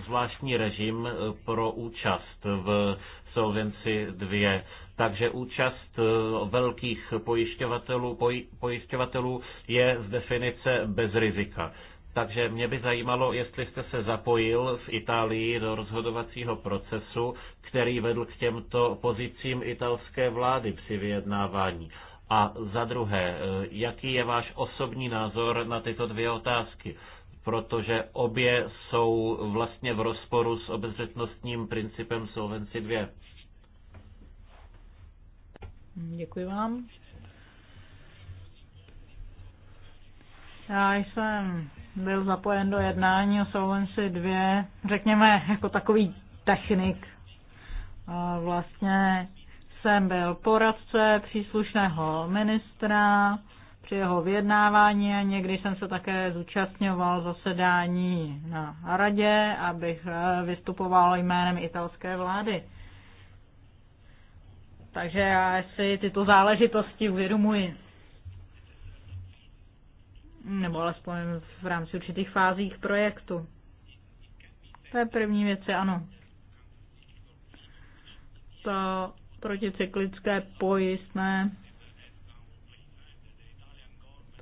zvláštní režim pro účast v Solvency 2 takže účast eh, velkých pojišťovatelů, poj, pojišťovatelů je z definice bez rizika. Takže mě by zajímalo, jestli jste se zapojil v Itálii do rozhodovacího procesu, který vedl k těmto pozicím italské vlády při vyjednávání. A za druhé, eh, jaký je váš osobní názor na tyto dvě otázky? Protože obě jsou vlastně v rozporu s obezřetnostním principem Solvency 2. Hm, děkuji vám. Já jsem byl zapojen do jednání o Solvency 2, řekněme jako takový technik. A vlastně jsem byl poradce příslušného ministra při jeho vyjednávání a někdy jsem se také zúčastňoval zasedání na radě, abych eh, vystupoval jménem italské vlády. Takže já si tyto záležitosti uvědomuji. Nebo alespoň v rámci určitých fázích projektu. To je první věc, je ano. To proticyklické pojistné.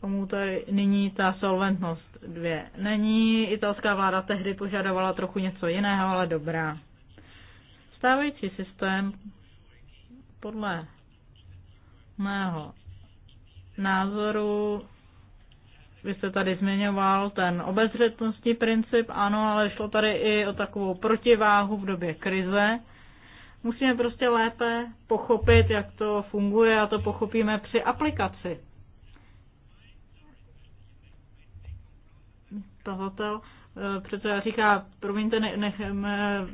Tomu tady nyní ta solventnost dvě není. Italská vláda tehdy požadovala trochu něco jiného, ale dobrá. Stávající systém podle mého názoru vy jste tady zmiňoval ten obezřetnostní princip, ano, ale šlo tady i o takovou protiváhu v době krize. Musíme prostě lépe pochopit, jak to funguje a to pochopíme při aplikaci. Tazatel eh, přece říká, promiňte, nechme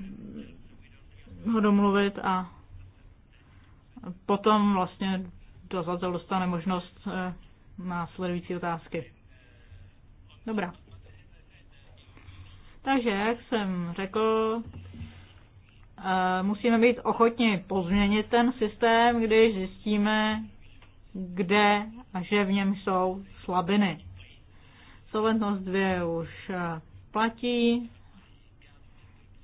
ho domluvit a potom vlastně dozadu dostane možnost eh, následující otázky. Dobrá. Takže, jak jsem řekl, eh, musíme být ochotni pozměnit ten systém, když zjistíme, kde a že v něm jsou slabiny. Solventnost 2 už eh, platí,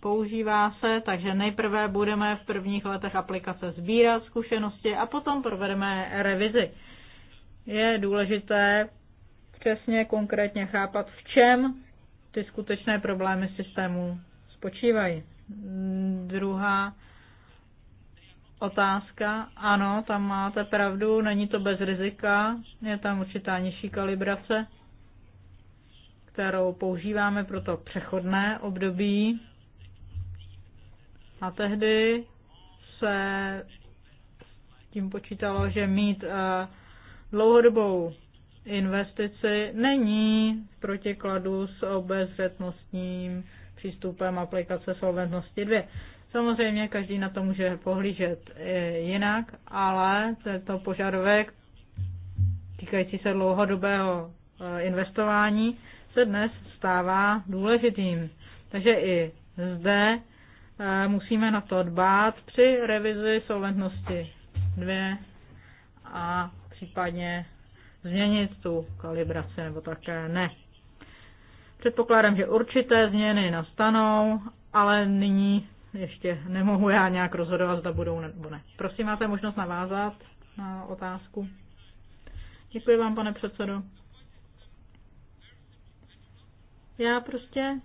používá se, takže nejprve budeme v prvních letech aplikace sbírat zkušenosti a potom provedeme revizi. Je důležité přesně konkrétně chápat, v čem ty skutečné problémy systému spočívají. Druhá otázka, ano, tam máte pravdu, není to bez rizika, je tam určitá nižší kalibrace, kterou používáme pro to přechodné období, a tehdy se tím počítalo, že mít eh, dlouhodobou investici není v protikladu s obezřetnostním přístupem aplikace Solventnosti 2. Samozřejmě každý na to může pohlížet eh, jinak, ale tento požadavek týkající se dlouhodobého eh, investování se dnes stává důležitým. Takže i zde Musíme na to dbát při revizi solventnosti 2 a případně změnit tu kalibraci nebo také ne. Předpokládám, že určité změny nastanou, ale nyní ještě nemohu já nějak rozhodovat, zda budou nebo ne. Prosím, máte možnost navázat na otázku. Děkuji vám, pane předsedo. Já prostě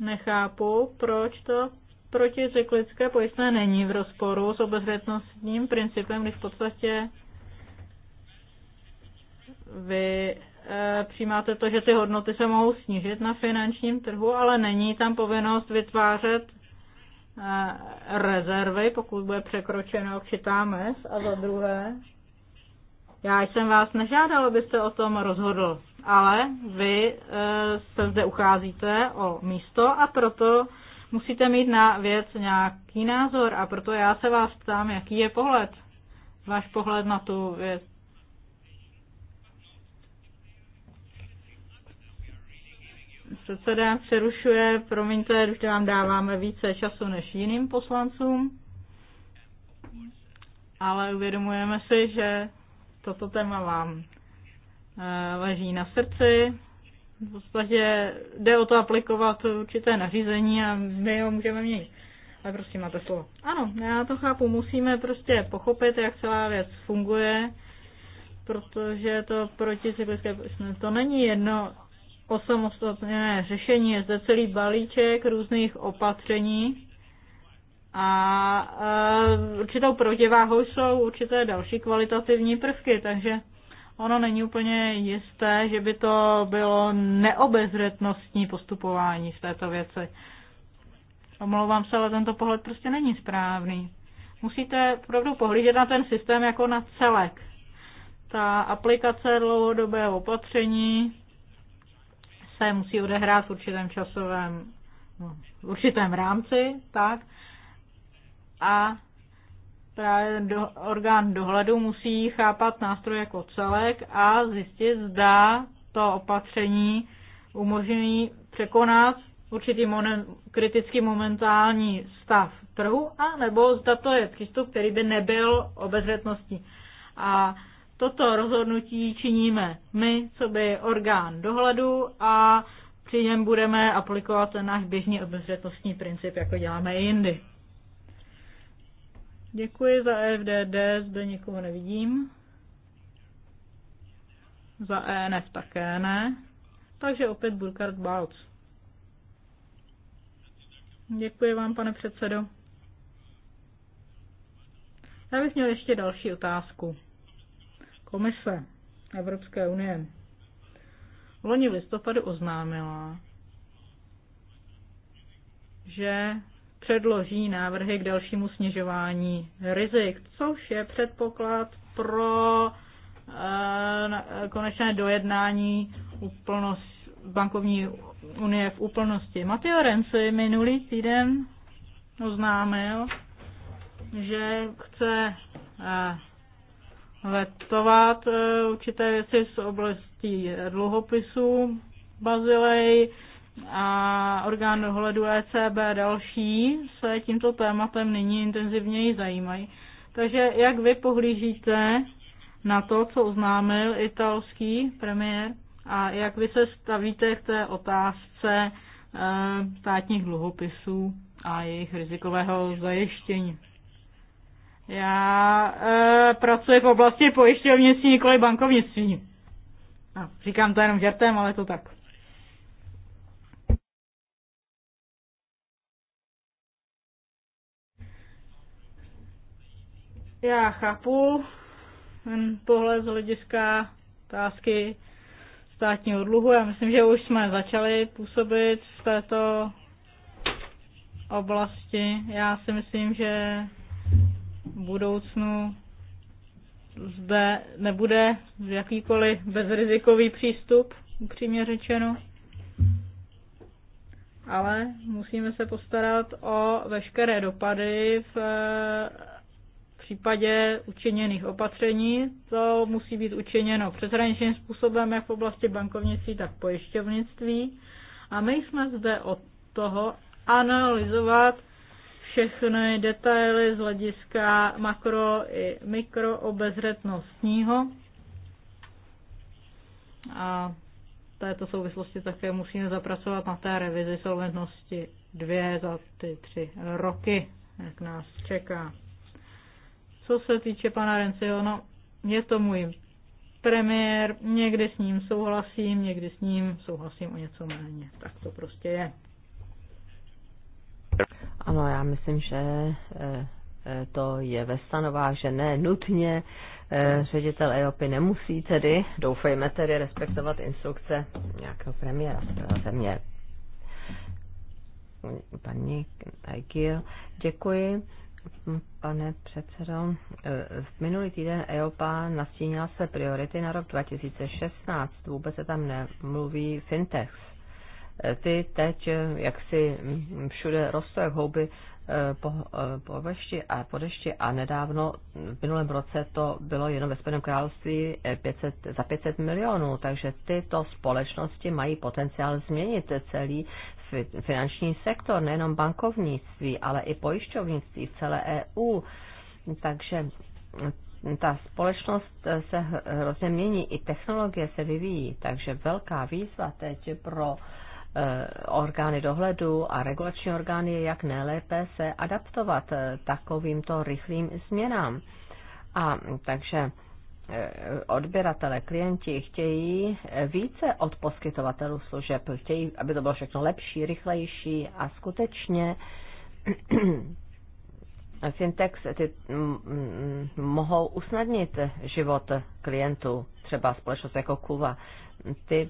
nechápu, proč to proticyklické pojistné není v rozporu s obezřetnostním principem, když v podstatě vy e, přijímáte to, že ty hodnoty se mohou snížit na finančním trhu, ale není tam povinnost vytvářet e, rezervy, pokud bude překročena určitá mez. A za druhé, já jsem vás nežádal, abyste o tom rozhodl, ale vy e, se zde ucházíte o místo a proto musíte mít na věc nějaký názor a proto já se vás ptám, jaký je pohled, váš pohled na tu věc. Předseda přerušuje, promiňte, už vám dáváme více času než jiným poslancům, ale uvědomujeme si, že toto téma vám eh, leží na srdci v podstatě jde o to aplikovat určité nařízení a my ho můžeme měnit. Ale prostě máte slovo. Ano, já to chápu. Musíme prostě pochopit, jak celá věc funguje, protože to proticyklické... To není jedno osamostatněné řešení. Je zde celý balíček různých opatření a e, určitou protiváhou jsou určité další kvalitativní prvky, takže ono není úplně jisté, že by to bylo neobezřetnostní postupování v této věci. Omlouvám se, ale tento pohled prostě není správný. Musíte opravdu pohlížet na ten systém jako na celek. Ta aplikace dlouhodobého opatření se musí odehrát v určitém časovém, no, v určitém rámci, tak, a právě do, orgán dohledu musí chápat nástroj jako celek a zjistit, zda to opatření umožní překonat určitý momen, kritický momentální stav trhu, a nebo zda to je přístup, který by nebyl obezřetností. A toto rozhodnutí činíme my, co by orgán dohledu a při něm budeme aplikovat ten náš běžný obezřetnostní princip, jako děláme i jindy. Děkuji za e FDD, zde nikoho nevidím. Za ENF také ne. Takže opět Burkhard Balc. Děkuji vám, pane předsedo. Já bych měl ještě další otázku. Komise Evropské unie v loni v listopadu oznámila, že předloží návrhy k dalšímu snižování rizik, což je předpoklad pro eh, konečné dojednání úplnost, bankovní unie v úplnosti. Matteo Renzi minulý týden oznámil, že chce vetovat eh, eh, určité věci z oblasti dluhopisů Bazilej, a orgán dohledu ECB další se tímto tématem nyní intenzivněji zajímají. Takže jak vy pohlížíte na to, co oznámil italský premiér a jak vy se stavíte k té otázce eh, státních dluhopisů a jejich rizikového zajištění? Já e, pracuji v oblasti pojišťovnictví, nikoli bankovnictví. No, říkám to jenom žertem, ale to tak. Já chápu ten pohled z hlediska otázky státního dluhu. Já myslím, že už jsme začali působit v této oblasti. Já si myslím, že v budoucnu zde nebude jakýkoliv bezrizikový přístup, upřímně řečeno. Ale musíme se postarat o veškeré dopady v případě učiněných opatření to musí být učiněno přeshraničním způsobem jak v oblasti bankovnictví, tak pojišťovnictví. A my jsme zde od toho analyzovat všechny detaily z hlediska makro i obezřetnostního. A v této souvislosti také musíme zapracovat na té revizi solventnosti dvě za ty tři roky, jak nás čeká. Co se týče pana Renceho, no, je to můj premiér, někdy s ním souhlasím, někdy s ním souhlasím o něco méně. Tak to prostě je. Ano, já myslím, že e, e, to je ve stanovách, že ne nutně e, ředitel EOPy nemusí tedy, doufejme tedy, respektovat instrukce nějakého premiéra země. Paní Aikil, děkuji pane předsedo. Eh, minulý týden EOPA nastínila se priority na rok 2016. Vůbec se tam nemluví fintechs. Eh, ty teď, eh, jak si mm, všude rostou jak houby Eh, po, eh, po, vešti a, po dešti a nedávno v minulém roce to bylo jenom ve Spojeném království 500, eh, za 500 milionů, takže tyto společnosti mají potenciál změnit celý finanční sektor, nejenom bankovnictví, ale i pojišťovnictví v celé EU. Takže ta společnost se hrozně mění, i technologie se vyvíjí, takže velká výzva teď pro uh, Eh, orgány dohledu a regulační orgány, je jak nejlépe se adaptovat eh, takovýmto rychlým změnám. A takže eh, odběratele, klienti chtějí více od poskytovatelů služeb, chtějí, aby to bylo všechno lepší, rychlejší a skutečně Syntax ty mm, mm, mohou usnadnit život klientů, třeba společnost jako Kuva. Ty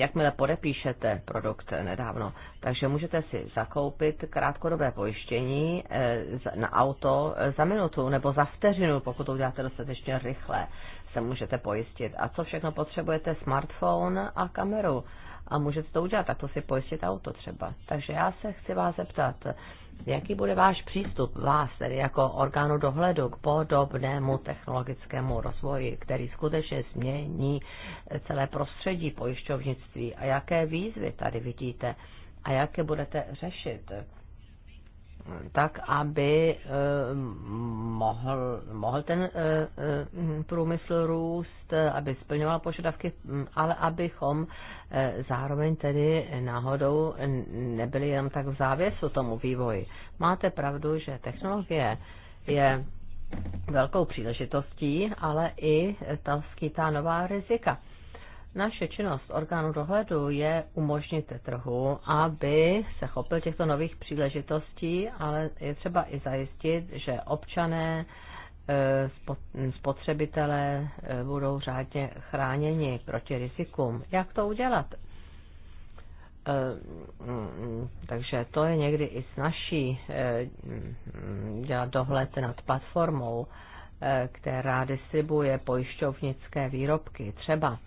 jakmile podepíšete produkt nedávno, takže můžete si zakoupit krátkodobé pojištění eh, na auto eh, za minutu nebo za vteřinu, pokud to uděláte dostatečně rychle, se můžete pojistit. A co všechno potřebujete? Smartphone a kameru. A můžete to udělat, tak to si pojistit auto třeba. Takže já se chci vás zeptat, Jaký bude váš přístup, vás tedy jako orgánu dohledu k podobnému technologickému rozvoji, který skutečně změní celé prostředí pojišťovnictví a jaké výzvy tady vidíte a jaké budete řešit? tak, aby eh, mohl, mohl ten eh, eh, průmysl růst, aby splňoval požadavky, hm, ale abychom zároveň tedy náhodou nebyli jenom tak v závěsu tomu vývoji. Máte pravdu, že technologie je velkou příležitostí, ale i ta skýtá nová rizika naše činnost orgánu dohledu je umožnit trhu, aby se chopil těchto nových příležitostí, ale je třeba i zajistit, že občané, eh, spotřebitelé eh, budou řádně chráněni proti rizikům. Jak to udělat? Eh, mm, takže to je někdy i snažší dělat dohled nad platformou, která distribuje pojišťovnické výrobky třeba.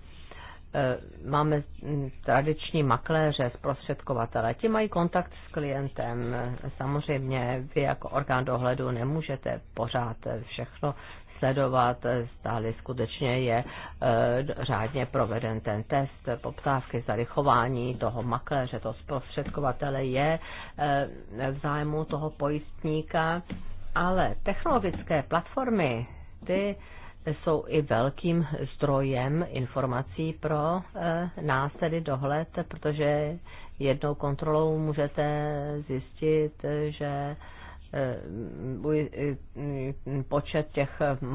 Eh, máme hm, tradiční makléře, zprostředkovatele. Ti mají kontakt s klientem. Samozřejmě vy jako orgán dohledu nemůžete pořád všechno sledovat, stále skutečně je eh, řádně proveden ten test poptávky, zdali chování toho makléře, toho zprostředkovatele je eh, v zájmu toho pojistníka, ale technologické platformy, ty jsou i velkým zdrojem informací pro eh, nás tedy dohled, protože jednou kontrolou můžete zjistit, že eh, eh, počet těch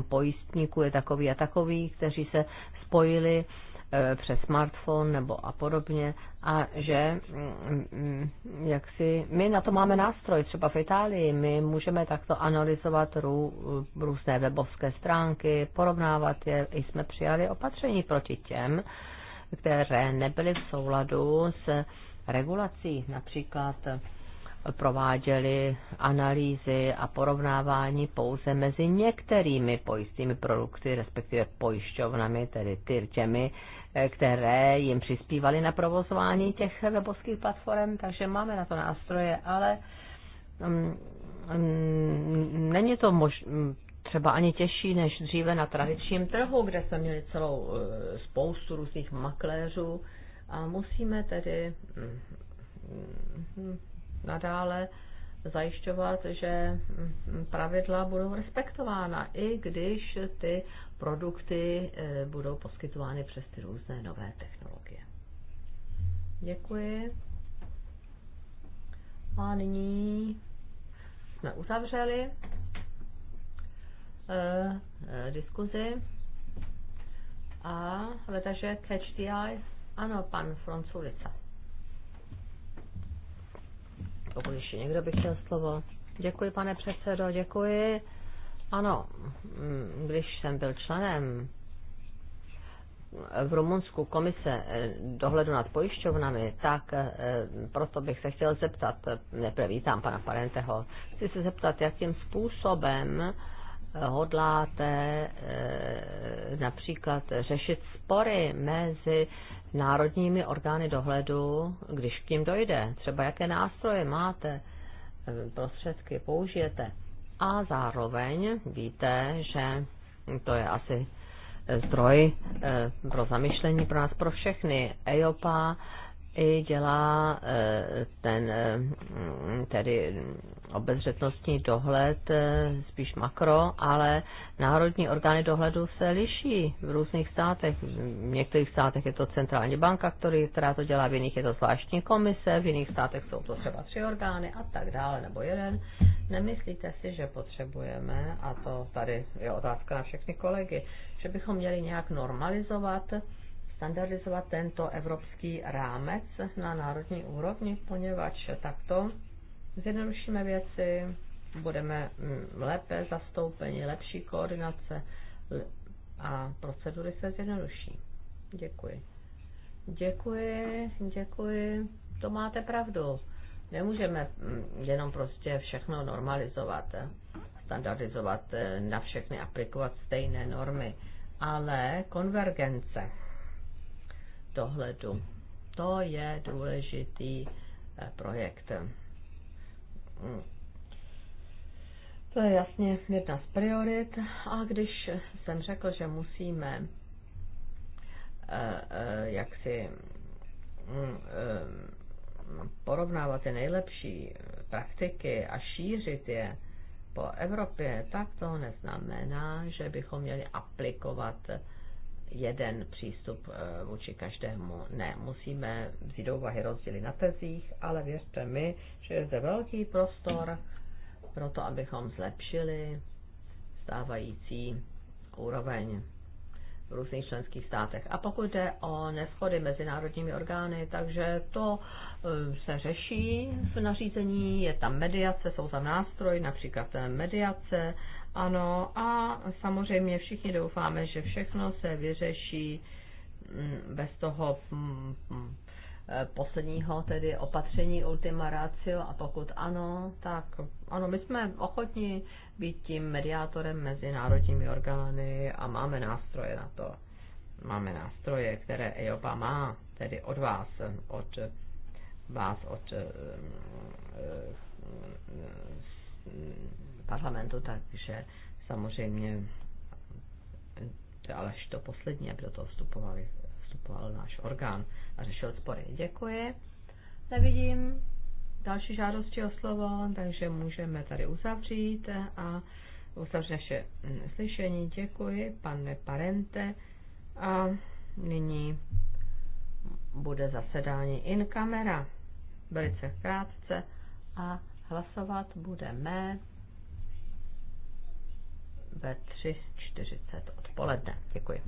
pojistníků je takový a takový, kteří se spojili Eh, přes smartphone nebo a podobně a že mm, mm, jak si, my na to máme nástroj, třeba v Itálii, my můžeme takto analyzovat rů, eh, různé webovské stránky, porovnávat je, i jsme přijali opatření proti těm, které nebyly v souladu s regulací, například eh, prováděli analýzy a porovnávání pouze mezi některými pojistými produkty, respektive pojišťovnami, tedy ty těmi, Eh, které jim přispívaly na provozování těch webovských platform, takže máme na to nástroje, ale mm, mm, není to mož, mm, třeba ani těžší než dříve na tradičním trhu, kde jsme měli celou eh, spoustu různých makléřů a musíme tedy nadále zajišťovat, že mm, pravidla budou respektována, i když ty produkty e, budou poskytovány přes ty různé nové technologie. Děkuji. A nyní jsme uzavřeli e, e, diskuzi. A letaže catch the eye. Ano, pan Franculica. Pokud ještě někdo by chtěl slovo. Děkuji, pane předsedo, děkuji. Ano, mm, když jsem byl členem v Rumunsku komise eh, dohledu nad pojišťovnami, tak eh, proto bych se chtěl zeptat, eh, nejprve vítám pana Parenteho, chci se zeptat, jakým způsobem hodláte například řešit spory mezi národními orgány dohledu, když k tím dojde, třeba jaké nástroje máte, eh, prostředky použijete. A zároveň víte, že to je asi eh, zdroj eh, pro zamišlení pro nás, pro všechny. EOPA, i dělá eh, ten eh, tedy obezřetnostní dohled eh, spíš makro, ale národní orgány dohledu se liší v různých státech. V některých státech je to centrální banka, který, která to dělá, v jiných je to zvláštní komise, v jiných státech jsou to třeba tři orgány a tak dále, nebo jeden. Nemyslíte si, že potřebujeme, a to tady je otázka na všechny kolegy, že bychom měli nějak normalizovat standardizovat tento evropský rámec na národní úrovni, poněvadž takto zjednodušíme věci, budeme mm, lépe zastoupeni, lepší koordinace a procedury se zjednoduší. Děkuji. Děkuji, děkuji. To máte pravdu. Nemůžeme mm, jenom prostě všechno normalizovat, standardizovat, eh, na všechny aplikovat stejné normy, ale konvergence dohledu. To je důležitý eh, projekt. To je jasně jedna z priorit. A když jsem řekl, že musíme eh, eh, jak si mm, porovnávat ty nejlepší praktiky a šířit je po Evropě, tak to neznamená, že bychom měli aplikovat jeden přístup eh, vůči každému. Ne, musíme vzít do úvahy rozdíly na tezích, ale věřte mi, že je zde velký prostor pro to, abychom zlepšili stávající úroveň v různých členských státech. A pokud jde o neschody mezinárodními orgány, takže to eh, se řeší v nařízení, je tam mediace, jsou tam nástroj, například mediace, ano, a samozřejmě všichni doufáme, že všechno se vyřeší mm, bez toho mm, mm, eh, posledního tedy opatření ultima ratio a pokud ano, tak ano, my jsme ochotni být tím mediátorem mezi národními orgány a máme nástroje na to. Máme nástroje, které EOPA má, tedy od vás, od vás, od eh, eh, parlamentu, takže samozřejmě eh, ale to poslední, aby do toho vstupovali, vstupoval náš orgán a řešil spory. Děkuji. Nevidím další žádosti o slovo, takže můžeme tady uzavřít a uzavřít naše mm, slyšení. Děkuji, pane Parente. A nyní bude zasedání in camera. Velice krátce a hlasovat budeme ve 3.40 odpoledne. Děkuji.